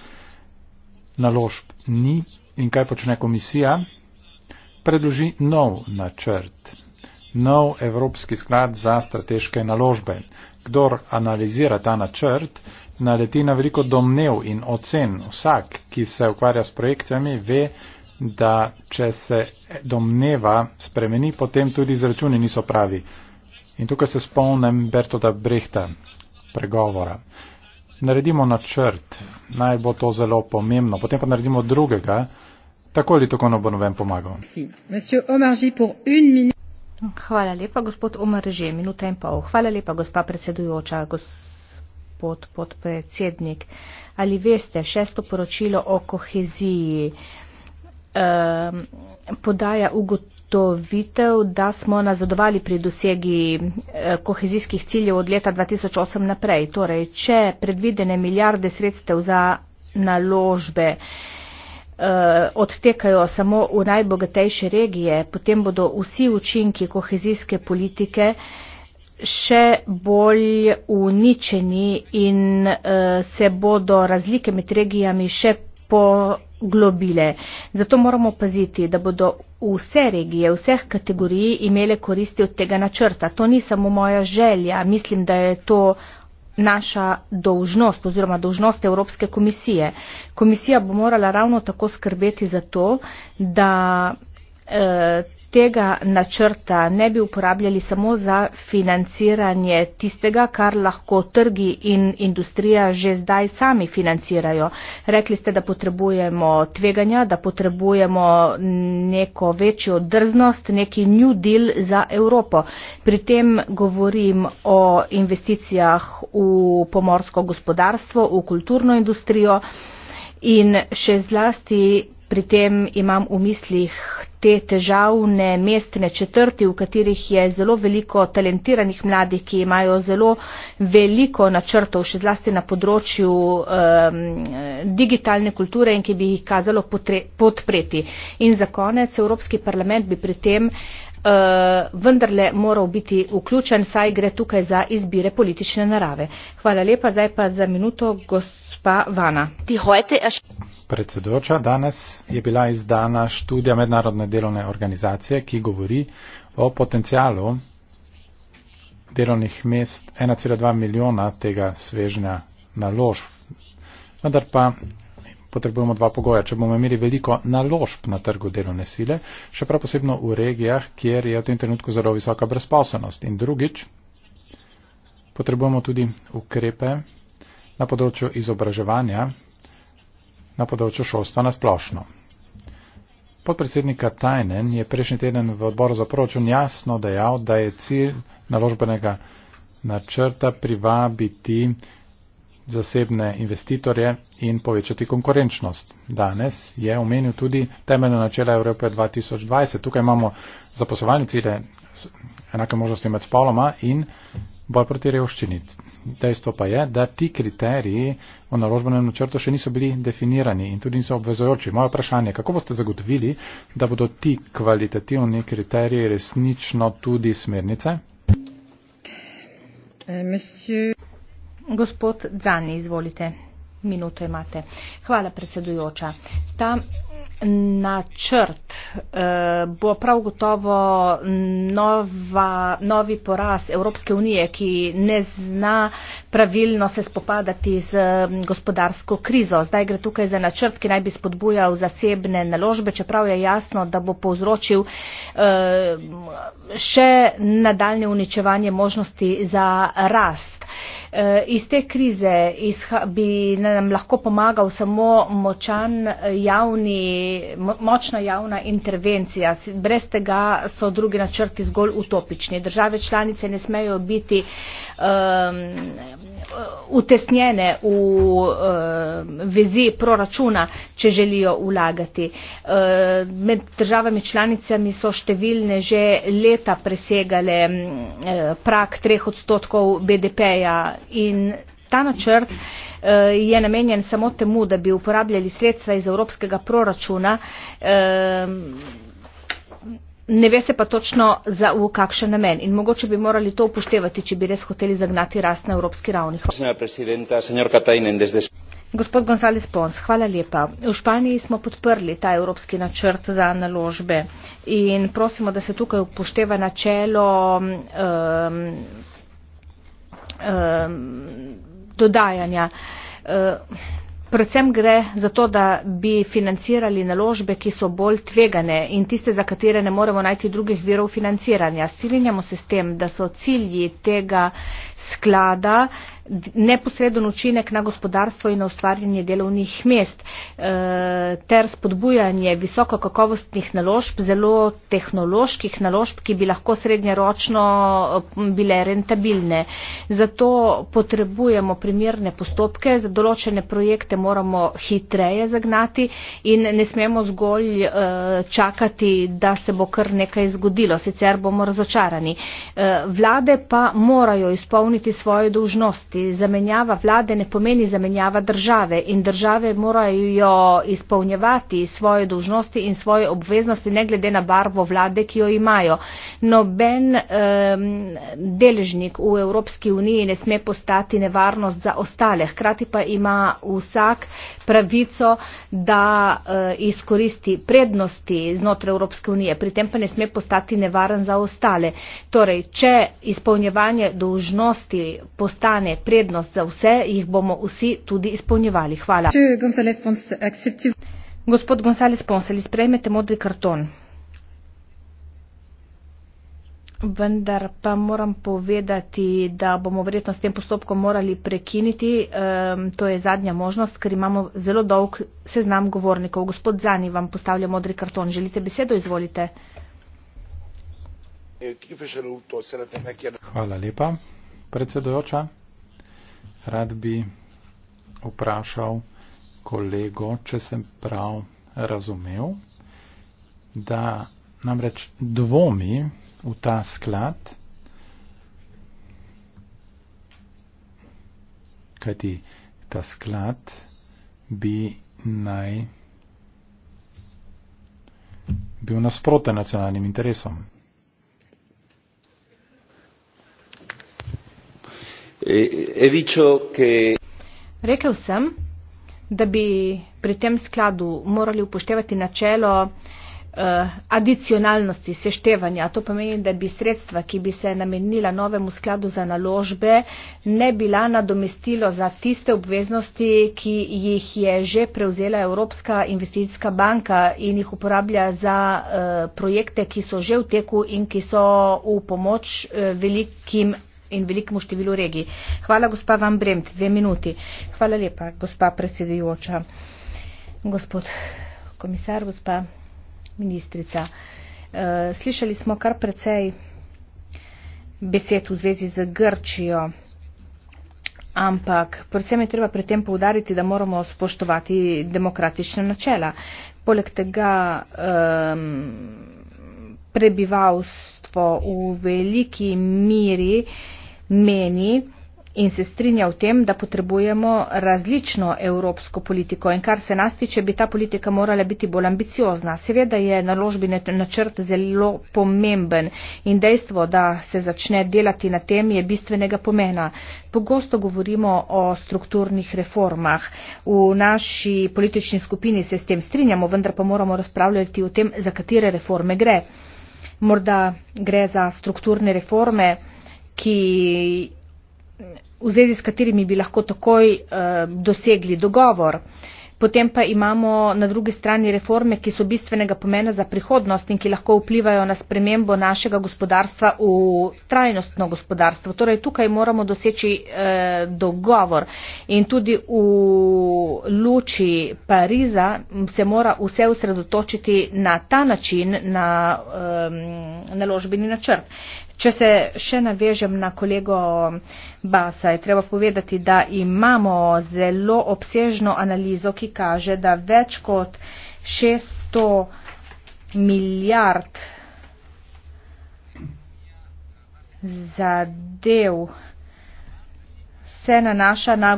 Naložb ni in kaj počne komisija? Predloži nov načrt, nov Evropski sklad za strateške naložbe. Kdor analizira ta načrt, naleti na veliko domnev in ocen. Vsak, ki se ukvarja s projekcijami, ve, da če se domneva spremeni, potem tudi izračuni niso pravi. In tukaj se spomnim Bertota Brehta pregovora. Naredimo načrt, naj bo to zelo pomembno, potem pa naredimo drugega, tako ali tako ne bo noben pomagal. Hvala lepa, gospod Omar, že minuta in pol. Hvala lepa, gospa predsedujoča, gospod podpredsednik. Ali veste, šesto poročilo o koheziji um, podaja ugotovitev, ugotovitev, da smo nazadovali pri dosegi eh, kohezijskih ciljev od leta 2008 naprej. Torej, če predvidene milijarde sredstev za naložbe eh, odtekajo samo v najbogatejše regije, potem bodo vsi učinki kohezijske politike še bolj uničeni in eh, se bodo razlike med regijami še povečali globile. Zato moramo paziti, da bodo vse regije, vseh kategorij imele koristi od tega načrta. To ni samo moja želja, mislim, da je to naša dolžnost oziroma dolžnost Evropske komisije. Komisija bo morala ravno tako skrbeti za to, da eh, tega načrta ne bi uporabljali samo za financiranje tistega, kar lahko trgi in industrija že zdaj sami financirajo. Rekli ste, da potrebujemo tveganja, da potrebujemo neko večjo drznost, neki New Deal za Evropo. Pri tem govorim o investicijah v pomorsko gospodarstvo, v kulturno industrijo in še zlasti. Pri tem imam v mislih te težavne mestne četrti, v katerih je zelo veliko talentiranih mladih, ki imajo zelo veliko načrtov, še zlasti na področju um, digitalne kulture in ki bi jih kazalo potre, podpreti. In za konec, Evropski parlament bi pri tem eh, vendarle moral biti vključen, saj gre tukaj za izbire politične narave. Hvala lepa, zdaj pa za minuto. Gost gospa Vana. Predsedujoča, danes je bila izdana študija Mednarodne delovne organizacije, ki govori o potencijalu delovnih mest 1,2 milijona tega svežnja naložb. Vendar pa potrebujemo dva pogoja. Če bomo imeli veliko naložb na trgu delovne sile, še prav posebno v regijah, kjer je v tem trenutku zelo visoka brezposobnost. In drugič, potrebujemo tudi ukrepe na področju izobraževanja, na področju šolstva nasplošno. Podpredsednika Tajnen je prejšnji teden v odboru za proračun jasno dejal, da je cilj naložbenega načrta privabiti zasebne investitorje in povečati konkurenčnost. Danes je omenil tudi temeljno načelo Evrope 2020. Tukaj imamo zaposlovalne cilje, enake možnosti med spoloma in boj proti revščini. Dejstvo pa je, da ti kriteriji v naložbenem načrtu še niso bili definirani in tudi niso obvezojoči. Moje vprašanje je, kako boste zagotovili, da bodo ti kvalitativni kriteriji resnično tudi smernice? Eh, monsieur... Gospod Dzani, izvolite. Minuto imate. Hvala, predsedujoča. Ta načrt eh, bo prav gotovo nova, novi poraz Evropske unije, ki ne zna pravilno se spopadati z mm, gospodarsko krizo. Zdaj gre tukaj za načrt, ki naj bi spodbujal zasebne naložbe, čeprav je jasno, da bo povzročil eh, še nadaljne uničevanje možnosti za rast. Eh, iz te krize bi nam lahko pomagal samo močan eh, javni, močna javna intervencija. Brez tega so drugi načrti zgolj utopični. Države članice ne smejo biti um, Eh, utesnjene v eh, vezi proračuna, če želijo vlagati. Eh, med državami članicami so številne že leta presegale mm, prak treh odstotkov BDP-ja in ta načrt je namenjen samo temu, da bi uporabljali sredstva iz evropskega proračuna ne ve se pa točno za v kakšen namen in mogoče bi morali to upoštevati, če bi res hoteli zagnati rast na evropski ravni. Gospod González Pons, hvala lepa. V Španiji smo podprli ta evropski načrt za naložbe in prosimo, da se tukaj upošteva načelo um, um, dodajanja. Uh, Predvsem gre za to, da bi financirali naložbe, ki so bolj tvegane in tiste, za katere ne moremo najti drugih virov financiranja. Strinjamo se s tem, da so cilji tega sklada neposreden učinek na gospodarstvo in na ustvarjanje delovnih mest eh, ter spodbujanje visokokakovostnih naložb, zelo tehnoloških naložb, ki bi lahko srednjeročno eh, bile rentabilne. Zato potrebujemo primerne postopke, za določene projekte moramo hitreje zagnati in ne smemo zgolj eh, čakati, da se bo kar nekaj zgodilo, sicer bomo razočarani. Vlade pa morajo izpolniti izpolniti svoje dožnosti. Zamenjava vlade ne pomeni zamenjava države in države morajo izpolnjevati svoje dožnosti in svoje obveznosti, ne glede na barvo vlade, ki jo imajo. Noben um, deležnik v Evropski uniji ne sme postati nevarnost za ostale. Hkrati pa ima vsak pravico, da uh, izkoristi prednosti znotraj Evropske unije, pri tem pa ne sme postati nevaren za ostale. Torej, če izpolnjevanje dožnosti prednosti postane prednost za vse, jih bomo vsi tudi izpolnjevali. Hvala. Gospod Gonzales Pons, ali sprejmete modri karton? Vendar pa moram povedati, da bomo verjetno s tem postopkom morali prekiniti. Um, to je zadnja možnost, ker imamo zelo dolg seznam govornikov. Gospod Zani vam postavlja modri karton. Želite besedo? Izvolite. Hvala lepa. Predsedojoča, rad bi vprašal kolego, če sem prav razumel, da namreč dvomi v ta sklad, kajti ta sklad bi naj bil nasproten nacionalnim interesom. Eh, eh, Rekel sem, da bi pri tem skladu morali upoštevati načelo eh, adicionalnosti seštevanja. To pomeni, da bi sredstva, ki bi se namenila novemu skladu za naložbe, ne bila nadomestilo za tiste obveznosti, ki jih je že prevzela Evropska investicijska banka in jih uporablja za uh, projekte, ki so že v teku in ki so v pomoč uh, velikim in velikemu številu regij. Hvala, gospa Van Bremt, dve minuti. Hvala lepa, gospa predsedujoča, gospod komisar, gospa ministrica. Eh, slišali smo kar precej besed v zvezi z Grčijo, ampak predvsem je treba pri tem povdariti, da moramo spoštovati demokratične načela. Poleg tega um, prebivalstvo v veliki miri uh, meni in se strinja v tem, da potrebujemo različno evropsko politiko in kar se nas tiče, bi ta politika morala biti bolj ambiciozna. Seveda je naložbi načrt zelo pomemben in dejstvo, da se začne delati na tem, je bistvenega pomena. Pogosto govorimo o strukturnih reformah. V naši politični skupini se s tem strinjamo, vendar pa moramo razpravljati o tem, za katere reforme gre. Morda gre za strukturne reforme, ki, v zvezi s katerimi bi lahko takoj uh, dosegli dogovor. Potem pa imamo na drugi strani reforme, ki so bistvenega pomena za prihodnost in ki lahko vplivajo na spremembo našega gospodarstva v trajnostno gospodarstvo. Torej tukaj moramo doseči eh, dogovor in tudi v luči Pariza se mora vse usredotočiti na ta način, na eh, naložbeni načrt. Če se še navežem na kolego Basa, je treba povedati, da imamo zelo obsežno analizo, ki kaže, da več kot 600 milijard zadev se nanaša na,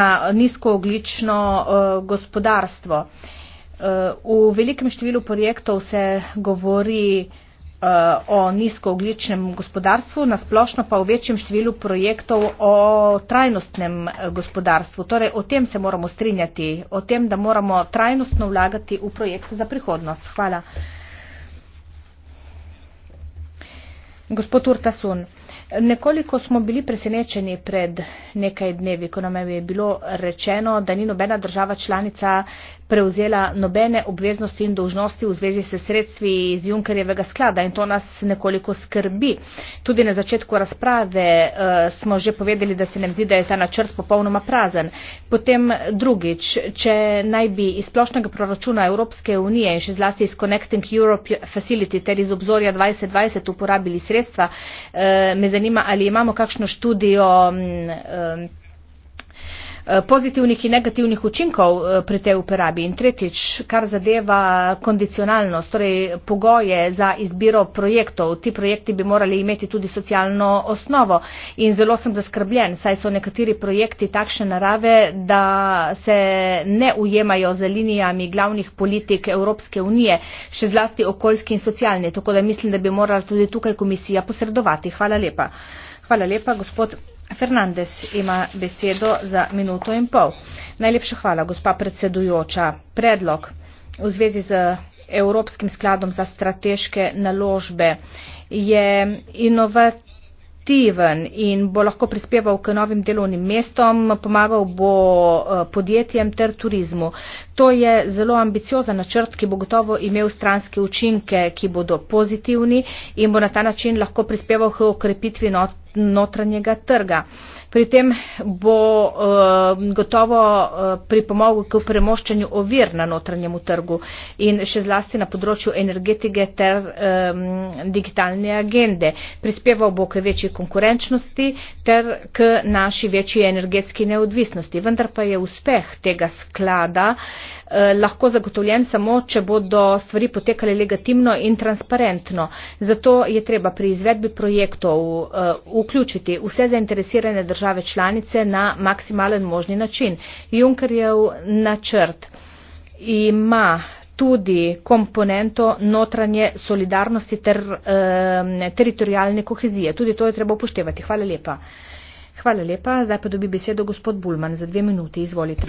na nizkooglično uh, gospodarstvo. Uh, v velikem številu projektov se govori, Eh, o nizkooglječnem gospodarstvu, nasplošno pa o večjem številu projektov o trajnostnem eh, gospodarstvu. Torej, o tem se moramo strinjati, o tem, da moramo trajnostno vlagati v projekte za prihodnost. Hvala. Gospod Urtasun, nekoliko smo bili presenečeni pred nekaj dnevi, ko nam je bilo rečeno, da ni nobena država članica prevzela nobene obveznosti in dožnosti v zvezi s sredstvi iz Junkerjevega sklada in to nas nekoliko skrbi. Tudi na začetku razprave uh, smo že povedali, da se nam zdi, da je ta načrt popolnoma prazen. Potem drugič, če naj bi iz splošnega proračuna Evropske unije in še zlasti iz Connecting Europe Facility ter iz obzorja 2020 uporabili sredstva, uh, me zanima, ali imamo kakšno študijo um, um, Eh, pozitivnih in negativnih učinkov eh, pri tej uporabi in tretjič, kar zadeva kondicionalnost, torej pogoje za izbiro projektov. Ti projekti bi morali imeti tudi socialno osnovo in zelo sem zaskrbljen, saj so nekateri projekti takšne narave, da se ne ujemajo za linijami glavnih politik Evropske unije, še zlasti okoljski in socialni, tako da mislim, da bi morala tudi tukaj komisija posredovati. Hvala lepa. Hvala lepa, gospod. Fernandez ima besedo za minuto in pol. Najlepša hvala, gospa predsedujoča. Predlog v zvezi z Evropskim skladom za strateške naložbe je inovativen aktiven in bo lahko prispeval k novim delovnim mestom, pomagal bo eh, podjetjem ter turizmu. To je zelo ambiciozen načrt, ki bo gotovo imel stranske učinke, ki bodo pozitivni in bo na ta način lahko prispeval k okrepitvi notranjega trga. Uh, Pri tem bo uh, gotovo uh, pripomogel k premoščanju ovir na notranjemu trgu in še zlasti na področju energetike ter um, digitalne agende. Prispeval bo k večji konkurenčnosti ter k naši večji energetski neodvisnosti. Vendar pa je uspeh tega sklada uh, Eh, lahko zagotovljen samo, če bodo stvari potekale legitimno in transparentno. Zato je treba pri izvedbi projektov eh, vključiti vse zainteresirane države članice na maksimalen možni način. Junkerjev načrt ima tudi komponento notranje solidarnosti ter eh, teritorijalne kohezije. Tudi to je treba upoštevati. Hvala lepa. Hvala lepa. Zdaj pa dobi besedo gospod Bulman za dve minuti. Izvolite.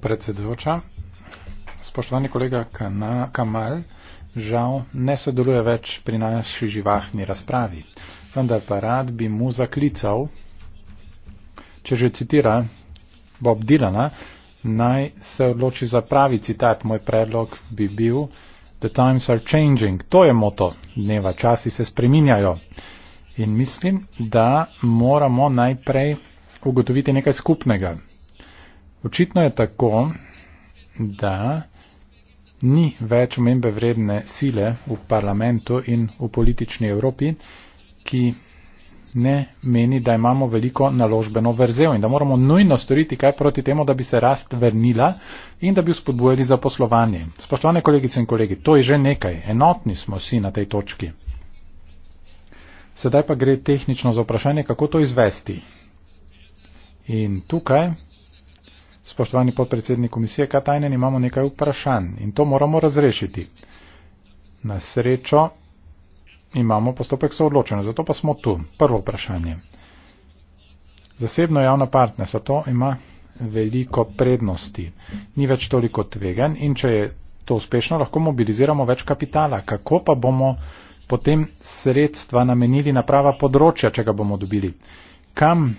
Predsedujoča, spoštovani kolega Kana, Kamal, žal ne sodeluje več pri naši živahni razpravi, vendar pa rad bi mu zaklical, če že citira Bob Dylana, naj se odloči za pravi citat. Moj predlog bi bil The times are changing. To je moto dneva. Časi se spreminjajo. In mislim, da moramo najprej ugotoviti nekaj skupnega. Očitno je tako, da ni več omembe vredne sile v parlamentu in v politični Evropi, ki ne meni, da imamo veliko naložbeno verzev in da moramo nujno storiti kaj proti temu, da bi se rast vrnila in da bi spodbujali za poslovanje. Spoštovane kolegice in kolegi, to je že nekaj. Enotni smo vsi na tej točki. Sedaj pa gre tehnično za vprašanje, kako to izvesti. In tukaj spoštovani podpredsednik komisije Katajnen, imamo nekaj vprašanj in to moramo razrešiti. Na srečo imamo postopek soodločeno, zato pa smo tu. Prvo vprašanje. Zasebno javno partnerstvo to ima veliko prednosti. Ni več toliko tvegan in če je to uspešno, lahko mobiliziramo več kapitala. Kako pa bomo potem sredstva namenili na prava področja, če ga bomo dobili? Kam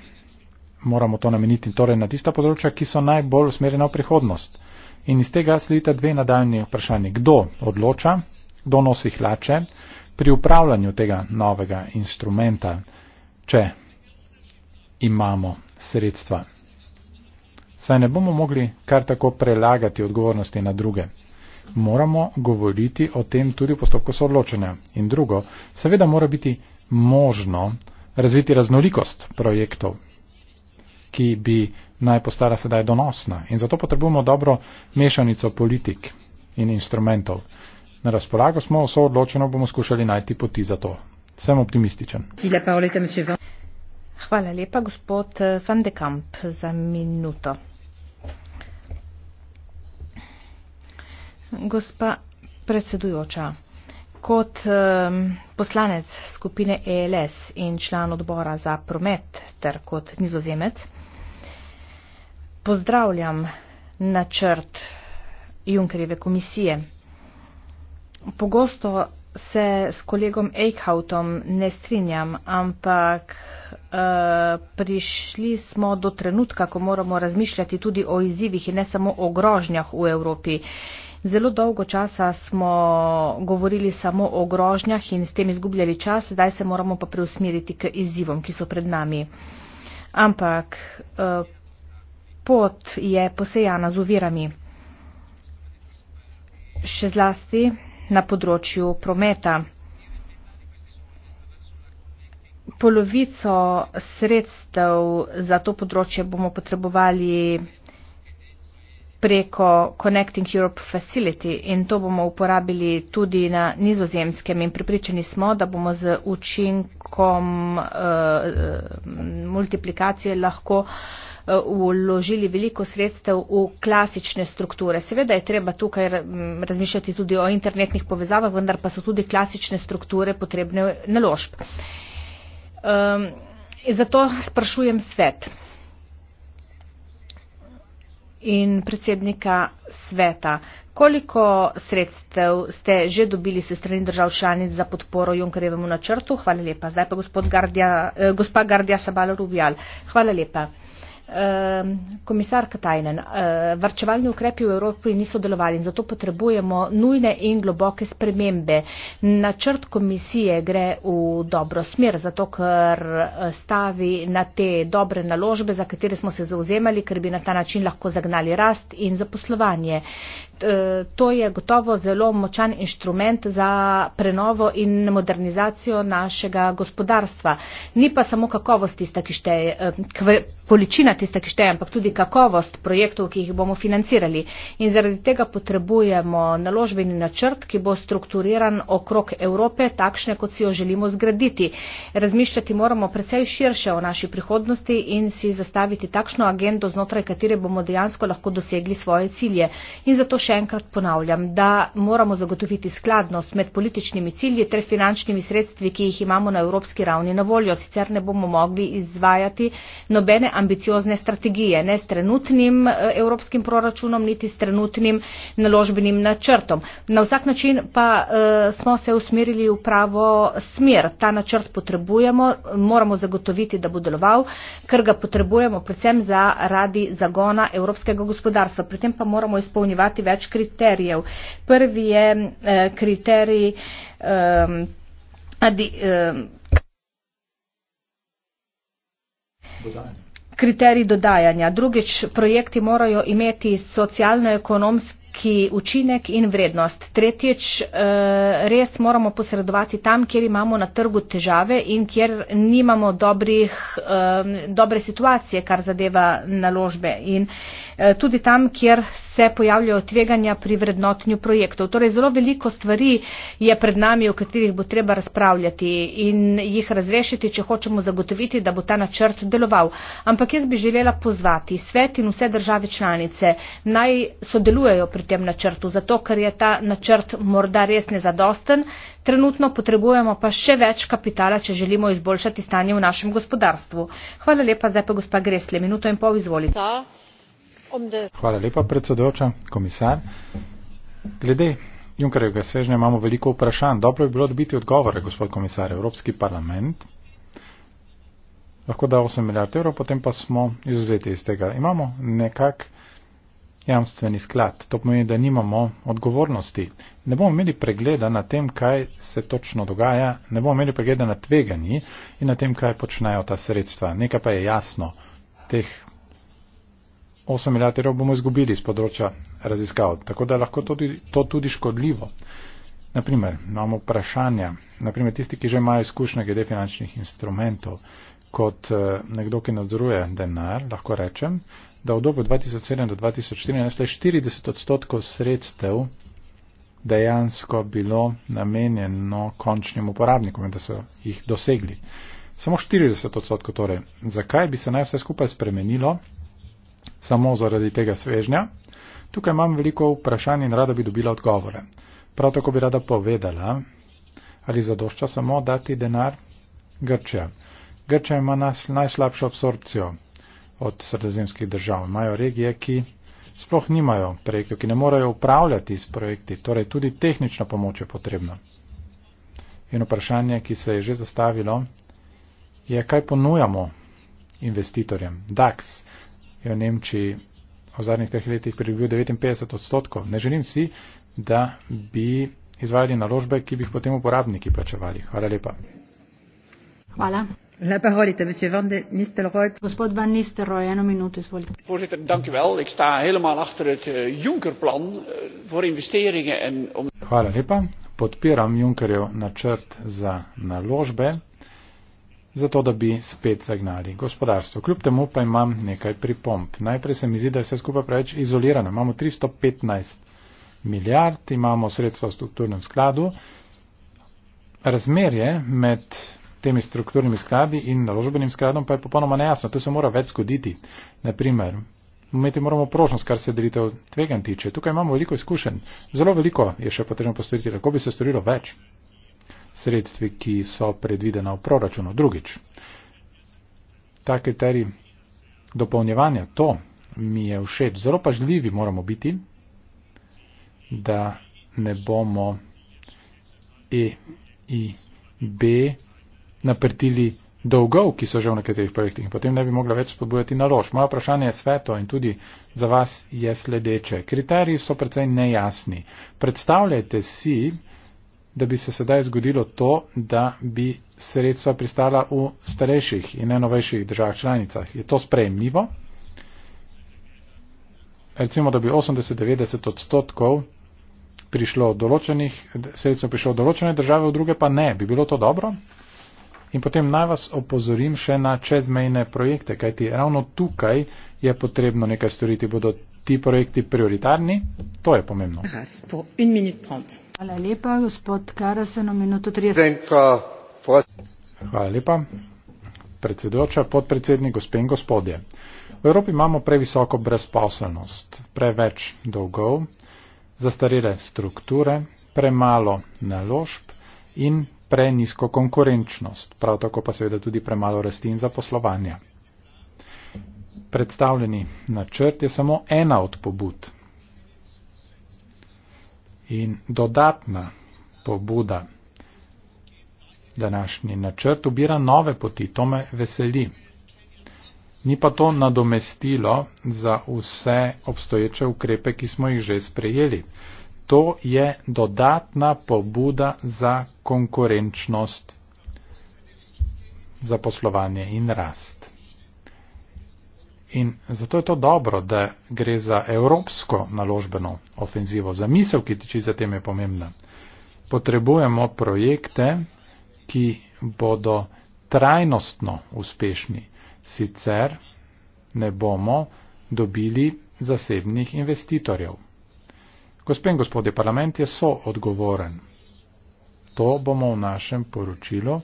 moramo to nameniti torej na tista področja, ki so najbolj usmerjena v prihodnost. In iz tega sledita dve nadaljni vprašanje. Kdo odloča, kdo nosi hlače pri upravljanju tega novega instrumenta, če imamo sredstva? Saj ne bomo mogli kar tako prelagati odgovornosti na druge. Moramo govoriti o tem tudi v postopku soodločanja. In drugo, seveda mora biti možno razviti raznolikost projektov ki bi naj postala sedaj donosna. In zato potrebujemo dobro mešanico politik in instrumentov. Na razpolago smo, so odločeno, bomo skušali najti poti za to. Sem optimističen. Hvala lepa, gospod eh, Van de Kamp, za minuto. Gospa predsedujoča, kot um, poslanec skupine ELS in član odbora za promet ter kot nizozemec, pozdravljam načrt Junkerjeve komisije. Pogosto se s kolegom Eichhautom ne strinjam, ampak uh, prišli smo do trenutka, ko moramo razmišljati tudi o izzivih in ne samo o grožnjah v Evropi. Zelo dolgo časa smo govorili samo o grožnjah in s tem izgubljali čas, zdaj se moramo pa preusmeriti k izzivom, ki so pred nami. Ampak uh, pot je posejana z uvirami, še zlasti na področju prometa. Polovico sredstev za to področje bomo potrebovali preko Connecting Europe Facility in to bomo uporabili tudi na nizozemskem in pripričani smo, da bomo z učinkom uh, multiplikacije lahko uh, Eh, vložili veliko sredstev v klasične strukture. Seveda je treba tukaj mm, razmišljati tudi o internetnih povezavah, vendar pa so tudi klasične strukture potrebne naložb. Um, zato sprašujem svet in predsednika sveta. Koliko sredstev ste že dobili se strani držav članic za podporo Junkerjevemu načrtu? Hvala lepa. Zdaj pa gospod Gardija, eh, gospa Gardija Sabala Rubjal. Hvala lepa. Ehm, komisar Katajnen, eh, varčevalni ukrepi v Evropi niso delovali in zato potrebujemo nujne in globoke spremembe. Načrt komisije gre v dobro smer, zato ker eh, stavi na te dobre naložbe, za katere smo se zauzemali, ker bi na ta način lahko zagnali rast in zaposlovanje. Eh, to je gotovo zelo močan inštrument za prenovo in modernizacijo našega gospodarstva. Ni pa samo kakovost tista, ki šteje, eh, količina tista, ki šteje, ampak tudi kakovost projektov, ki jih bomo financirali. In zaradi tega potrebujemo naložbeni načrt, ki bo strukturiran okrog Evrope, takšne, kot si jo želimo zgraditi. Razmišljati moramo precej širše o naši prihodnosti in si zastaviti takšno agendo, znotraj katere bomo dejansko lahko dosegli svoje cilje. In zato še enkrat ponavljam, da moramo zagotoviti skladnost med političnimi cilji ter finančnimi sredstvi, ki jih imamo na evropski ravni na voljo. Sicer ne bomo mogli izvajati nobene ambiciozne strategije, ne s trenutnim eh, evropskim proračunom, niti s trenutnim naložbenim načrtom. Na vsak način pa uh, smo se usmerili v pravo smer. Ta načrt potrebujemo, moramo zagotoviti, da bo deloval, ker ga potrebujemo predvsem zaradi zagona evropskega gospodarstva. Pri tem pa moramo izpolnjevati več več kriterijev. Prvi je eh, kriterij. Eh, adi, eh, Kriterij dodajanja. Drugič, projekti morajo imeti socialno-ekonomski učinek in vrednost. Tretjič, eh, res moramo posredovati tam, kjer imamo na trgu težave in kjer nimamo dobrih, ehm, dobre situacije, kar zadeva naložbe. In eh, tudi tam, kjer se pojavljajo tveganja pri vrednotenju projektov. Torej, zelo veliko stvari je pred nami, o katerih bo treba razpravljati in jih razrešiti, če hočemo zagotoviti, da bo ta načrt deloval. Ampak jaz bi želela pozvati svet in vse države članice naj sodelujejo pri tem načrtu, zato ker je ta načrt morda res nezadosten. Trenutno potrebujemo pa še več kapitala, če želimo izboljšati stanje v našem gospodarstvu. Hvala lepa, zdaj pa gospa Gresle, minuto in pol izvolite. Ta. Um Hvala lepa, predsedujoča, komisar. Glede Junkarjevega svežnja imamo veliko vprašanj. Dobro bi bilo dobiti odgovore, gospod komisar. Evropski parlament lahko da 8 milijard evrov, potem pa smo izuzeti iz tega. Imamo nekak jamstveni sklad. To pomeni, da nimamo odgovornosti. Ne bomo imeli pregleda na tem, kaj se točno dogaja, ne bomo imeli pregleda na tveganji in na tem, kaj počnejo ta sredstva. Nekaj pa je jasno. Teh 8 milijard evrov bomo izgubili z področja raziskav, tako da lahko tudi, to tudi škodljivo. Naprimer, imamo vprašanja, naprimer tisti, ki že imajo izkušnje glede finančnih instrumentov, kot eh, nekdo, ki nadzoruje denar, lahko rečem, da v dobu 2007 do 2014 le 40 odstotkov sredstev dejansko bilo namenjeno končnim uporabnikom in da so jih dosegli. Samo 40 odstotkov torej. Zakaj bi se naj vse skupaj spremenilo, samo zaradi tega svežnja? Tukaj imam veliko vprašanj in rada bi dobila odgovore. Prav tako bi rada povedala, ali zadošča samo dati denar Grčija. Grčija ima nas najslabšo absorpcijo od sredozemskih držav. Imajo regije, ki sploh nimajo projektov, ki ne morejo upravljati s projekti. Torej tudi tehnična pomoč je potrebna. In vprašanje, ki se je že zastavilo, je, kaj ponujamo investitorjem. DAX je v Nemčiji v zadnjih treh letih pridobil 59 odstotkov. Ne želim si, da bi izvajali naložbe, ki bi jih potem uporabniki plačevali. Hvala lepa. Hvala. La parole est à M. Van de Nistelrooy. Gospod Van Nistelrooy, eno minuto, izvolite. Voorzitter, dank u wel. Ik sta helemaal achter het eh, Juncker-plan eh, voor investeringen en om... Hvala lepa. Podpiram Junckerjev načrt za naložbe zato da bi spet zagnali gospodarstvo. Kljub temu pa imam nekaj pripomp. Najprej se mi zdi, da je vse skupaj preveč izolirano. Imamo 315 milijard, imamo sredstva v strukturnem skladu. Razmerje med temi strukturnimi skladi in naložbenim skladom pa je popolnoma nejasno. To se mora več zgoditi. Naprimer, imeti moramo prožnost, kar se delitev tvegan tiče. Tukaj imamo veliko izkušenj. Zelo veliko je še potrebno postoriti, lahko bi se storilo več sredstvi, ki so predvidena v proračunu. Drugič, ta kriterij dopolnjevanja, to mi je všeč. Zelo pažljivi moramo biti, da ne bomo E in B naprtili dolgov, ki so že v nekaterih projektih in potem ne bi mogla več spodbujati nalož. Moje vprašanje je sveto in tudi za vas je sledeče. Kriteriji so precej nejasni. Predstavljajte si, da bi se sedaj zgodilo to, da bi sredstva pristala v starejših in najnovejših državah članicah. Je to sprejemljivo? Recimo, da bi 80-90 odstotkov prišlo določenih, sredstvo prišlo določene države, v druge pa ne. Bi bilo to dobro? In potem naj vas opozorim še na čezmejne projekte, kajti ravno tukaj je potrebno nekaj storiti, bodo ti projekti prioritarni, to je pomembno. Hvala lepa, gospod Karasen, o minuto 30. Hvala lepa, predsedujoča, podpredsednik, gospe in gospodje. V Evropi imamo previsoko brezposelnost, preveč dolgov, zastarele strukture, premalo naložb in prenisko konkurenčnost, prav tako pa seveda tudi premalo rasti in zaposlovanja predstavljeni načrt je samo ena od pobud. In dodatna pobuda današnji načrt ubira nove poti, to me veseli. Ni pa to nadomestilo za vse obstoječe ukrepe, ki smo jih že sprejeli. To je dodatna pobuda za konkurenčnost, za poslovanje in rast. In zato je to dobro, da gre za evropsko naložbeno ofenzivo. Zamisel, ki tiči za tem, je pomembna. Potrebujemo projekte, ki bodo trajnostno uspešni. Sicer ne bomo dobili zasebnih investitorjev. Gospod in gospodje, parlament je so odgovoren. To bomo v našem poročilu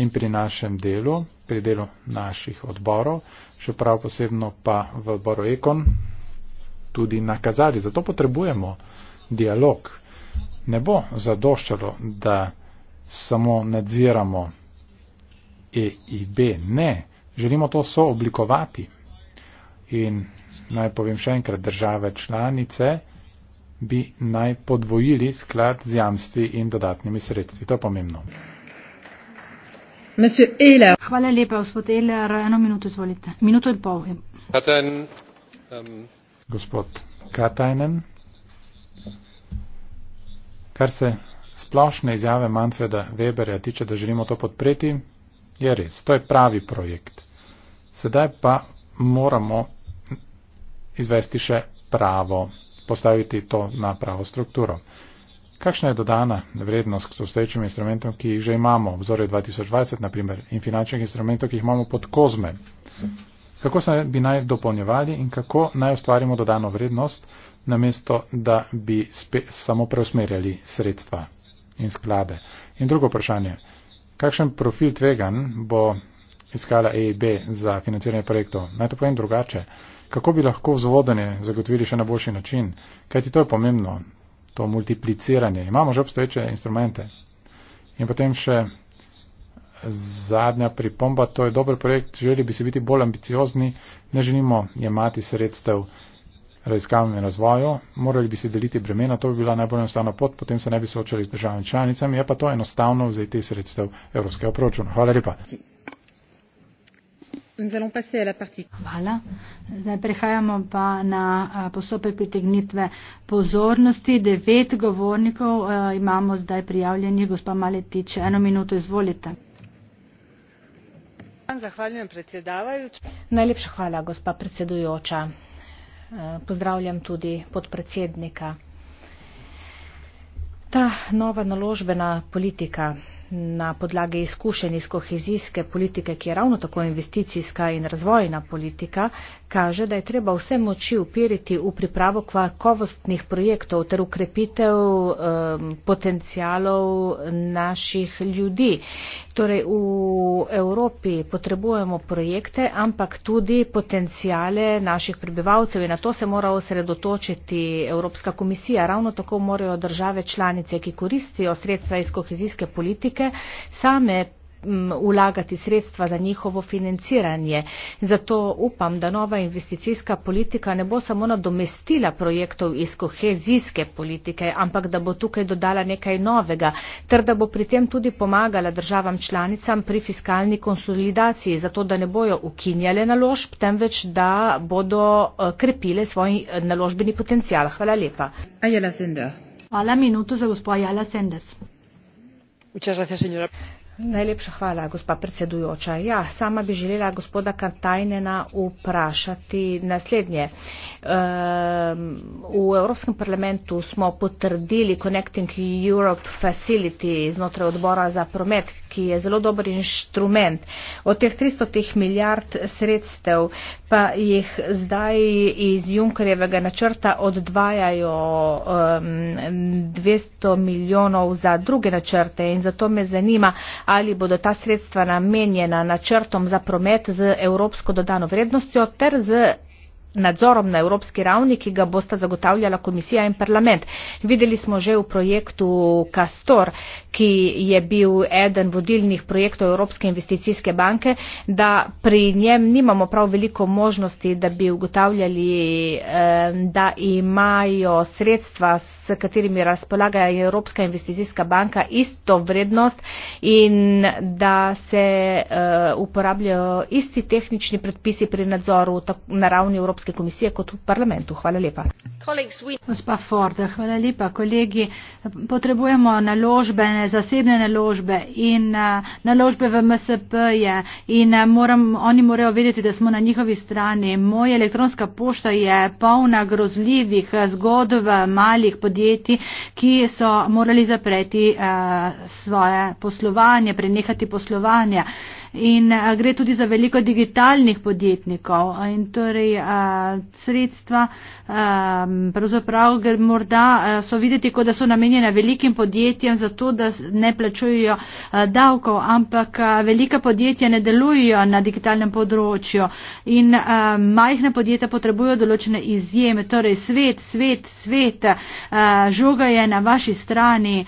in pri našem delu, pri delu naših odborov, še prav posebno pa v Boroekon, tudi nakazali. Zato potrebujemo dialog. Ne bo zadoščalo, da samo nadziramo EIB. Ne, želimo to sooblikovati. In naj povem še enkrat, države članice bi naj podvojili sklad z jamstvi in dodatnimi sredstvi. To je pomembno. Hvala lepa, gospod Eler. Eno minuto izvolite. Minuto in pol. Ja. Katajnen. Um, gospod Katajnen. Kar se splošne izjave Manfreda Weberja tiče, da želimo to podpreti, je res. To je pravi projekt. Sedaj pa moramo izvesti še pravo, postaviti to na pravo strukturo. Kakšna je dodana vrednost k obstoječim instrumentom, ki jih že imamo, obzorje 2020 naprimer, in finančnih instrumentov, ki jih imamo pod kozme? Kako se bi naj dopolnjevali in kako naj ustvarimo dodano vrednost, namesto da bi samo preusmerjali sredstva in sklade? In drugo vprašanje, kakšen profil tvegan bo iskala EIB za financiranje projektov? Naj to povem drugače. Kako bi lahko vzvodanje zagotovili še na boljši način? Kaj ti to je pomembno? to multipliciranje. Imamo že obstoječe instrumente. In potem še zadnja pripomba, to je dober projekt, želi bi se biti bolj ambiciozni, ne želimo jemati sredstev raziskavam in razvoju, morali bi se deliti bremena, to bi bila najbolj enostavna pot, potem se ne bi soočali z državami članicami, je pa to enostavno vzeti sredstev evropskega proračuna. Hvala lepa. Nous allons passer à la partie. Voilà. Zdaj prehajamo pa na postopek pritegnitve pozornosti. Devet govornikov uh, imamo zdaj prijavljenih. Gospa Maletič, eno minuto izvolite. Zahvaljujem predsedavajoč. Najlepša hvala, gospa predsedujoča. Uh, pozdravljam tudi podpredsednika. Ta nova naložbena politika na podlagi izkušenj iz kohezijske politike, ki je ravno tako investicijska in razvojna politika, kaže, da je treba vse moči upiriti v pripravo kakovostnih projektov ter ukrepitev um, potencijalov naših ljudi. Torej v Evropi potrebujemo projekte, ampak tudi potencijale naših prebivalcev in na to se mora osredotočiti Evropska komisija. Ravno tako morajo države članice, ki koristijo sredstva iz kohezijske politike, politike same ulagati sredstva za njihovo financiranje. Zato upam, da nova investicijska politika ne bo samo nadomestila projektov iz kohezijske politike, ampak da bo tukaj dodala nekaj novega, ter da bo pri tem tudi pomagala državam članicam pri fiskalni konsolidaciji, zato da ne bojo ukinjale naložb, temveč da bodo eh, krepile svoj eh, naložbeni potencial. Hvala lepa. Hvala minuto za gospod Jala Sendes señora presidenta. Najlepša hvala, gospa predsedujoča. Ja, sama bi želela gospoda Kantajnena vprašati naslednje. Ehm, v Evropskem parlamentu smo potrdili Connecting Europe Facility znotraj odbora za promet, ki je zelo dober inštrument. Od teh 300 teh milijard sredstev pa jih zdaj iz Junkerjevega načrta odvajajo 200 ehm, milijonov za druge načrte in zato me zanima, ali bodo ta sredstva namenjena načrtom za promet z evropsko dodano vrednostjo ter z nadzorom na evropski ravni, ki ga bosta zagotavljala komisija in parlament. Videli smo že v projektu Castor, ki je bil eden vodilnih projektov Evropske investicijske banke, da pri njem nimamo prav veliko možnosti, da bi ugotavljali, eh, da imajo sredstva s s katerimi razpolaga Evropska investicijska banka isto vrednost in da se eh, uporabljajo isti tehnični predpisi pri nadzoru na ravni Evropske komisije kot v parlamentu. Hvala lepa. Gospa Ford, hvala lepa. Kolegi, potrebujemo naložbe, zasebne naložbe in eh, naložbe v MSP-je in eh, moram, oni morajo vedeti, da smo na njihovi strani. Moja elektronska pošta je polna grozljivih zgodb malih podjetij podjetij, ki so morali zapreti uh, svoje poslovanje, prenehati poslovanje. Uh, in gre tudi za veliko digitalnih podjetnikov in torej sredstva pravzaprav morda so videti, kot da so namenjene velikim podjetjem za to, da ne plačujejo davkov, ampak velika podjetja ne delujejo na digitalnem področju in majhne podjetja potrebujejo določene izjeme, torej svet, svet, svet, žoga je na vaši strani,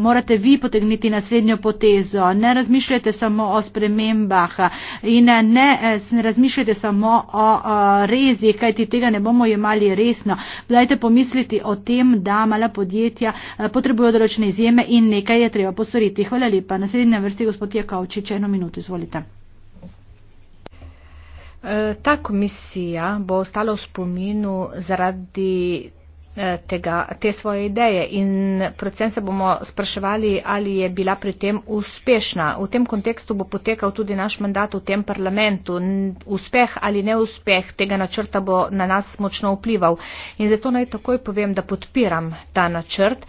morate vi potegniti naslednjo potezo, ne razmišljajte samo samo o spremembah in eh, eh, ne razmišljajte samo o eh, rezi, kajti tega ne bomo jemali resno. Dajte pomisliti o tem, da mala podjetja potrebujejo določene izjeme in nekaj je treba posoriti. Hvala lepa. Naslednja vrsti gospod Jakovčič, eno minuto, izvolite. Ta komisija bo ostala v spominu zaradi Eh, tega, te svoje ideje in predvsem se bomo spraševali, ali je bila pri tem uspešna. V tem kontekstu bo potekal tudi naš mandat v tem parlamentu. Uspeh ali neuspeh tega načrta bo na nas močno vplival. In zato naj takoj povem, da podpiram ta načrt.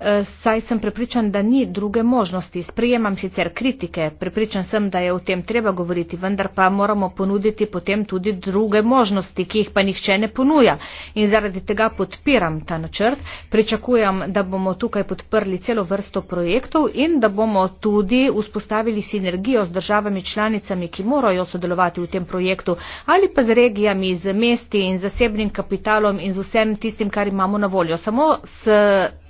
Eh, saj sem prepričan, da ni druge možnosti. Sprejemam sicer kritike, prepričan sem, da je o tem treba govoriti, vendar pa moramo ponuditi potem tudi druge možnosti, ki jih pa nihče ne ponuja. In zaradi tega podpiram ta načrt, pričakujem, da bomo tukaj podprli celo vrsto projektov in da bomo tudi vzpostavili sinergijo z državami članicami, ki morajo sodelovati v tem projektu, ali pa z regijami, z mesti in zasebnim kapitalom in z vsem tistim, kar imamo na voljo. Samo s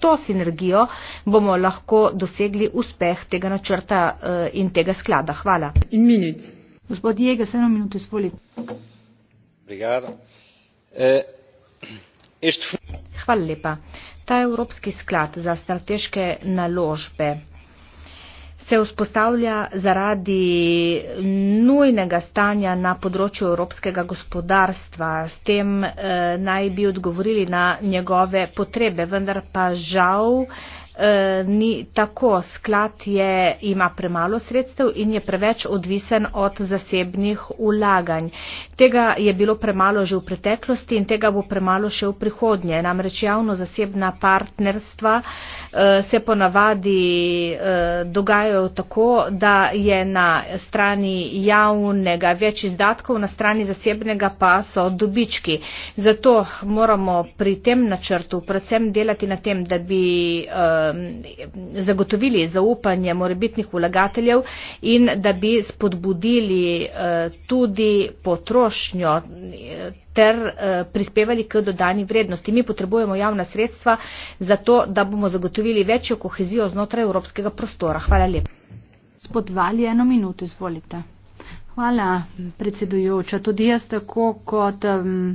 to sinergijo energijo, bomo lahko dosegli uspeh tega načrta eh, in tega sklada. Hvala. Gospod Jega, se eno minuto izvoli. Eh, Hvala lepa. Ta Evropski sklad za strateške naložbe se vzpostavlja zaradi nujnega stanja na področju evropskega gospodarstva. S tem eh, naj bi odgovorili na njegove potrebe, vendar pa žal eh, Eh, ni tako. Sklad je, ima premalo sredstev in je preveč odvisen od zasebnih ulaganj. Tega je bilo premalo že v preteklosti in tega bo premalo še v prihodnje. Namreč javno zasebna partnerstva eh, se ponavadi eh, dogajajo tako, da je na strani javnega več izdatkov, na strani zasebnega pa so dobički. Zato moramo pri tem načrtu predvsem delati na tem, da bi Um, zagotovili zaupanje morebitnih vlagateljev in da bi spodbudili uh, tudi potrošnjo uh, ter uh, prispevali k dodani vrednosti. Mi potrebujemo javna sredstva za to, da bomo zagotovili večjo kohezijo znotraj evropskega prostora. Hvala lepa. Spodvali eno minuto, izvolite. Hvala, predsedujoča. Tudi jaz tako kot. Um,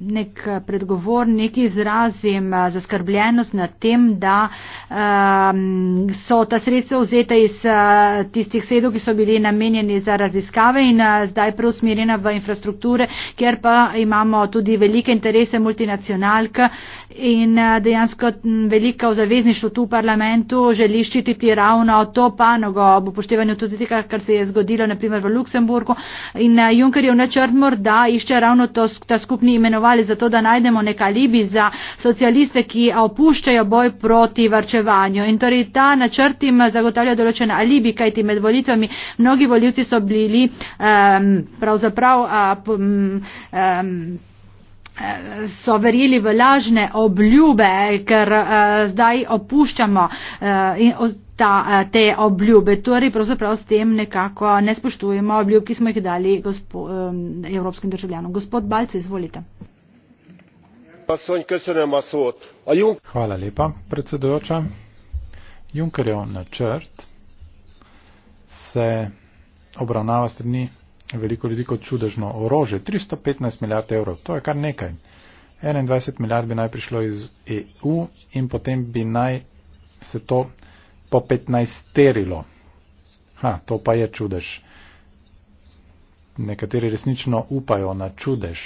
nek eh, predgovor, nek izrazim eh, zaskrbljenost nad tem, da um, so ta sredstva vzeta iz uh, tistih sredstev, ki so bili namenjeni za raziskave in uh, zdaj preusmerjena v infrastrukture, kjer pa imamo tudi velike interese multinacionalke in uh, dejansko veliko zavezništvo tu v parlamentu želi ščititi ravno to panogo, ob upoštevanju tudi tega, kar se je zgodilo naprimer v Luksemburgu. In uh, Junker je v načrt morda išče ravno to, ta skupni imenovanje glasovali za to, da najdemo neka libi za socialiste, ki opuščajo boj proti varčevanju. In torej ta načrt jim zagotavlja določena alibi, kajti med volitvami mnogi voljivci so bili um, pravzaprav. Um, um, so verjeli v lažne obljube, ker uh, zdaj opuščamo uh, in, ta, uh, te obljube. Torej, pravzaprav s tem nekako ne spoštujemo obljub, ki smo jih dali gospo, um, evropskim državljanom. Gospod Balce, izvolite hvala lepa predsedujoča junckerjev načrt se obravnava strani veliko ljudi kot čudežno orožje tristo petnajst milijard evrov to je kar nekaj enaindvajset milijard bi naj prišlo iz eu in potem bi naj se to po petnajsterilo ha to pa je čudež nekateri resnično upajo na čudež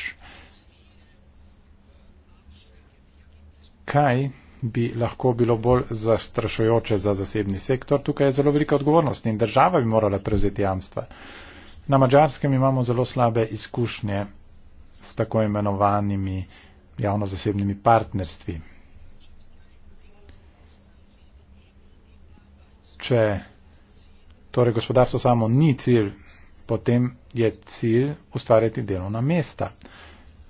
kaj bi lahko bilo bolj zastrašujoče za zasebni sektor. Tukaj je zelo velika odgovornost in država bi morala prevzeti jamstva. Na mačarskem imamo zelo slabe izkušnje s tako imenovanimi javno-zasebnimi partnerstvi. Če torej gospodarstvo samo ni cilj, potem je cilj ustvarjati delovna mesta.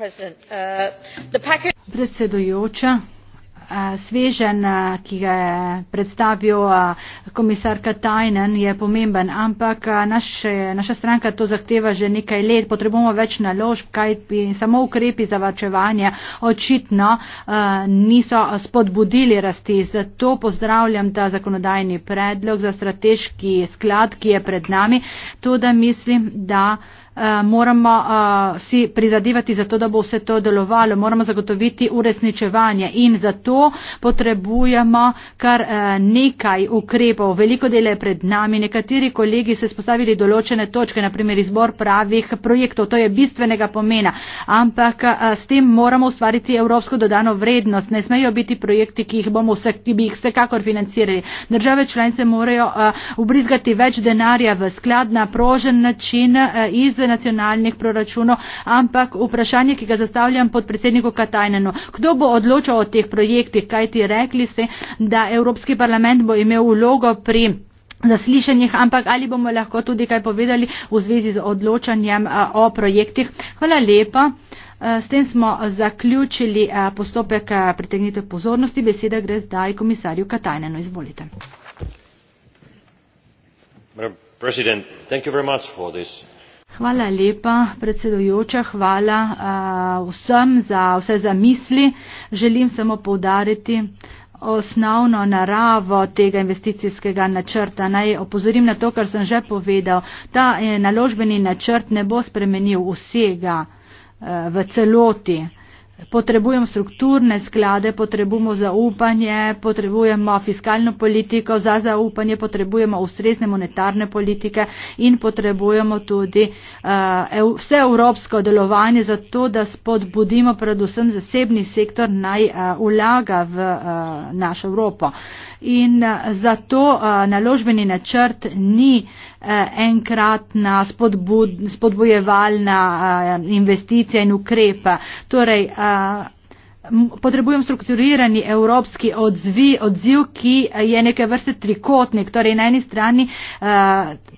Uh, uh, Predsedujoča, uh, svežen, ki ga je predstavil komisarka Tajnen, je pomemben, ampak naš, naša stranka to zahteva že nekaj let. Potrebujemo več naložb, kaj bi samo ukrepi za vačevanje očitno niso spodbudili rasti. Zato pozdravljam ta zakonodajni predlog za strateški sklad, ki je pred nami. Tudi mislim, da. Eh, moramo eh, si prizadevati za to, da bo vse to delovalo, moramo zagotoviti uresničevanje in zato potrebujemo kar eh, nekaj ukrepov. Veliko dela je pred nami, nekateri kolegi so izpostavili določene točke, naprimer izbor pravih projektov, to je bistvenega pomena, ampak s tem moramo ustvariti evropsko dodano vrednost. Ne smejo biti projekti, ki jih bomo vse, ki bi jih vsekakor financirali. Države članice morajo ubrizgati več denarja v skladna prožen način iz nacionalnih proračunov, ampak vprašanje, ki ga zastavljam pod predsedniku Katajnenu, kdo bo odločal o teh projektih, kaj ti rekli ste, da Evropski parlament bo imel vlogo pri zaslišanjih, ampak ali bomo lahko tudi kaj povedali v zvezi z odločanjem a, o projektih. Hvala lepa. S tem smo zaključili postopek pritegnite pozornosti. Beseda gre zdaj komisarju Katajnenu. Izvolite. Madam, President, thank you very much for this Hvala lepa, predsedujoča, hvala a, vsem za vse za misli. Želim samo povdariti osnovno naravo tega investicijskega načrta. Naj opozorim na to, kar sem že povedal. Ta e, naložbeni načrt ne bo spremenil vsega a, e, v celoti. Potrebujemo strukturne sklade, potrebujemo zaupanje, potrebujemo fiskalno politiko, za zaupanje potrebujemo ustrezne monetarne politike in potrebujemo tudi uh, vseevropsko delovanje za to, da spodbudimo predvsem zasebni sektor naj uh, vlaga v uh, našo Evropo. In uh, zato uh, naložbeni načrt ni uh, enkratna spodbud, spodbojevalna uh, investicija in ukrepa. Torej, uh, potrebujem strukturirani evropski odziv, odziv, ki je neke vrste trikotnik, torej na eni strani a, eh,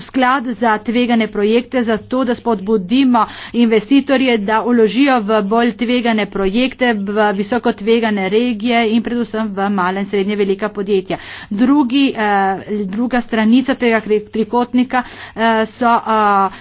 sklad za tvegane projekte, za to, da spodbudimo investitorje, da uložijo v bolj tvegane projekte, v visoko tvegane regije in predvsem v male in srednje velika podjetja. Drugi, eh, druga stranica tega trikotnika eh, so,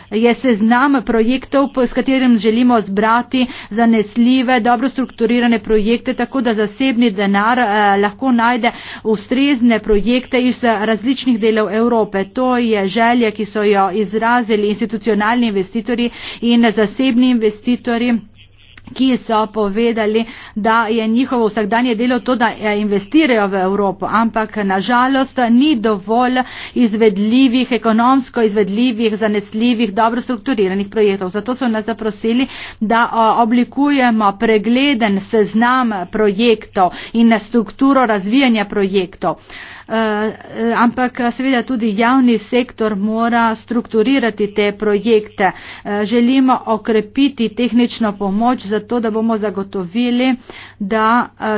eh, je seznam projektov, s katerim želimo zbrati zanesljive, dobro strukturirane projekte, tako da zasebni denar eh, lahko najde ustrezne projekte iz eh, različnih delov Evrope. To je želje, ki so jo izrazili institucionalni investitorji in zasebni investitorji ki so povedali, da je njihovo vsakdanje delo to, da eh, investirajo v Evropo, ampak nažalost ni dovolj izvedljivih, ekonomsko izvedljivih, zanesljivih, dobro strukturiranih projektov. Zato so nas zaprosili, da eh, oblikujemo pregleden seznam projektov in strukturo razvijanja projektov. Eh, ampak eh, seveda tudi javni sektor mora strukturirati te projekte. Eh, želimo okrepiti tehnično pomoč zato, da bomo zagotovili, da